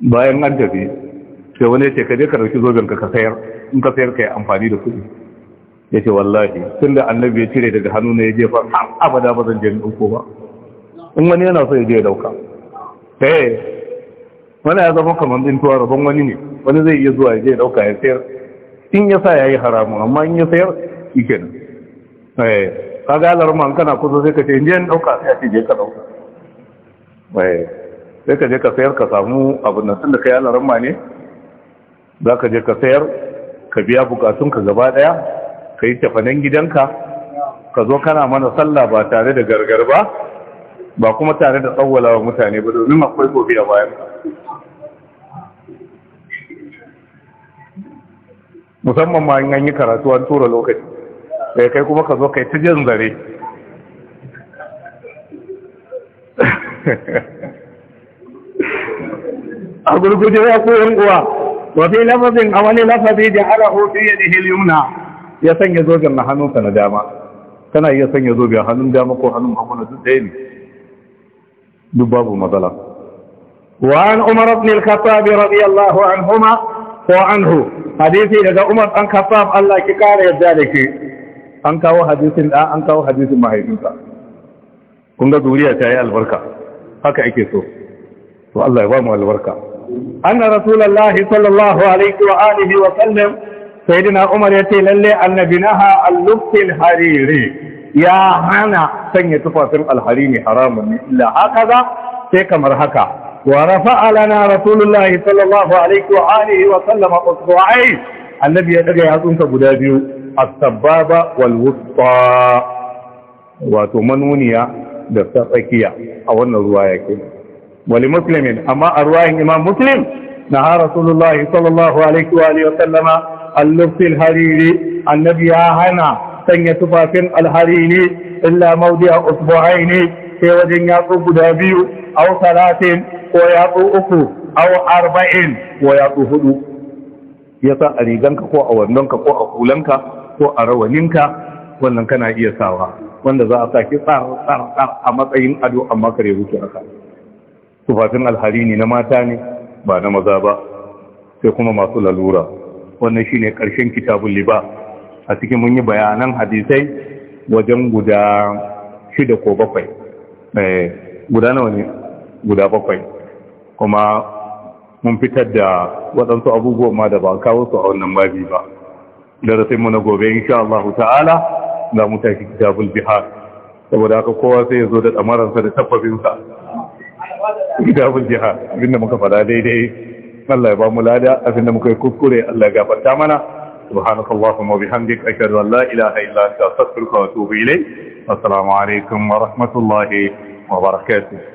bayan an tafi sai wani ce ka je ka dauki zoben ka ka sayar in ka sayar ka yi amfani da kuɗi yace wallahi Tun da annabi ya cire daga hannu ne ya jefa abada ba zan je in ɗauko ba in wani yana so ya je ya dauka eh wani ya zama kamar tuwa rabon wani ne wani zai iya zuwa zai dauka ya sayar in ya sa ya yi haramun amma in ya sayar ike nan eh, ka ga alarman kana kusa sai ka ce je in dauka sai ce je ka dauka eh, sai ka je ka sayar ka samu abin nan tunda kai alarma ne za ka je ka sayar ka biya bukatunka gaba daya ka yi tafanen gidanka ka zo kana mana sallah ba tare da gargar ba ba kuma tare da tsawwala wa mutane ba domin akwai gobe a bayan ka musamman ma in yi karatu an tura lokaci da eh, kai kuma ka zo kai ta jin zare [laughs] a gurguje ya koyan uwa wafi lafazin a wani lafazi da ala hoto ya ji heliumna ya sanya zogen na hannunsa na dama kana iya sanya zogen hannun dama ko hannun hannun na duk ɗaya ne duk babu matsala وعن عمر بن الخطاب رضي الله عنهما وعنه حديثي لدى عمر بن الخطاب الله كقال ذلك an kawo hadisin da an kawo hadisin mahaifinsa kun ga ta yi albarka haka ake so to ba mu albarka anna rasulullahi sallallahu alaihi wa wa sallam sayyidina umar ya ce lalle annabinaha al-lubsil hariri ya hana sanya tufafin alharini haramun ne illa haka sai kamar haka ورفع لنا رسول الله صلى الله عليه وآله وسلم أصبعين النبي يدعي عزمك قدابيو السبابة والوسطى وتمنونيا دفتقيا أولنا رواية ولمسلم أما أرواح إمام مسلم نهى رسول الله صلى الله عليه وآله وسلم اللبس الحريري النبي هنا سنة تفاكن الحريري إلا موضع أصبعين في وجن يعقوب قدابيو أو ثلاثين ko yatsu uku aw arba'in ko yatsu hudu ya sa a riganka ko a wandonka ko a kulanka ko a rawaninka wannan kana iya sawa wanda za a sa ki tsar tsar tsar a matsayin ado amma kare wuce haka Tufafin alhari ne na mata ne ba na maza ba sai kuma masu lalura wannan shine karshen kitabul liba a cikin mun yi bayanan hadisai wajen guda shida ko bakwai eh, guda nawa ne guda bakwai kuma mun fitar da waɗansu abubuwan ma da ba kawo su a wannan babi ba darasin mu na gobe insha Allah ta'ala za mu tafi kitabul bihar saboda haka kowa sai ya zo da sa da sa kitabul jihar abinda muka fada daidai Allah ya ba mu lada abinda muka yi kuskure Allah ya gafarta mana subhanakallahumma wa bihamdik ashhadu an la ilaha illa anta astaghfiruka wa atubu ilayk assalamu alaikum wa rahmatullahi wa barakatuh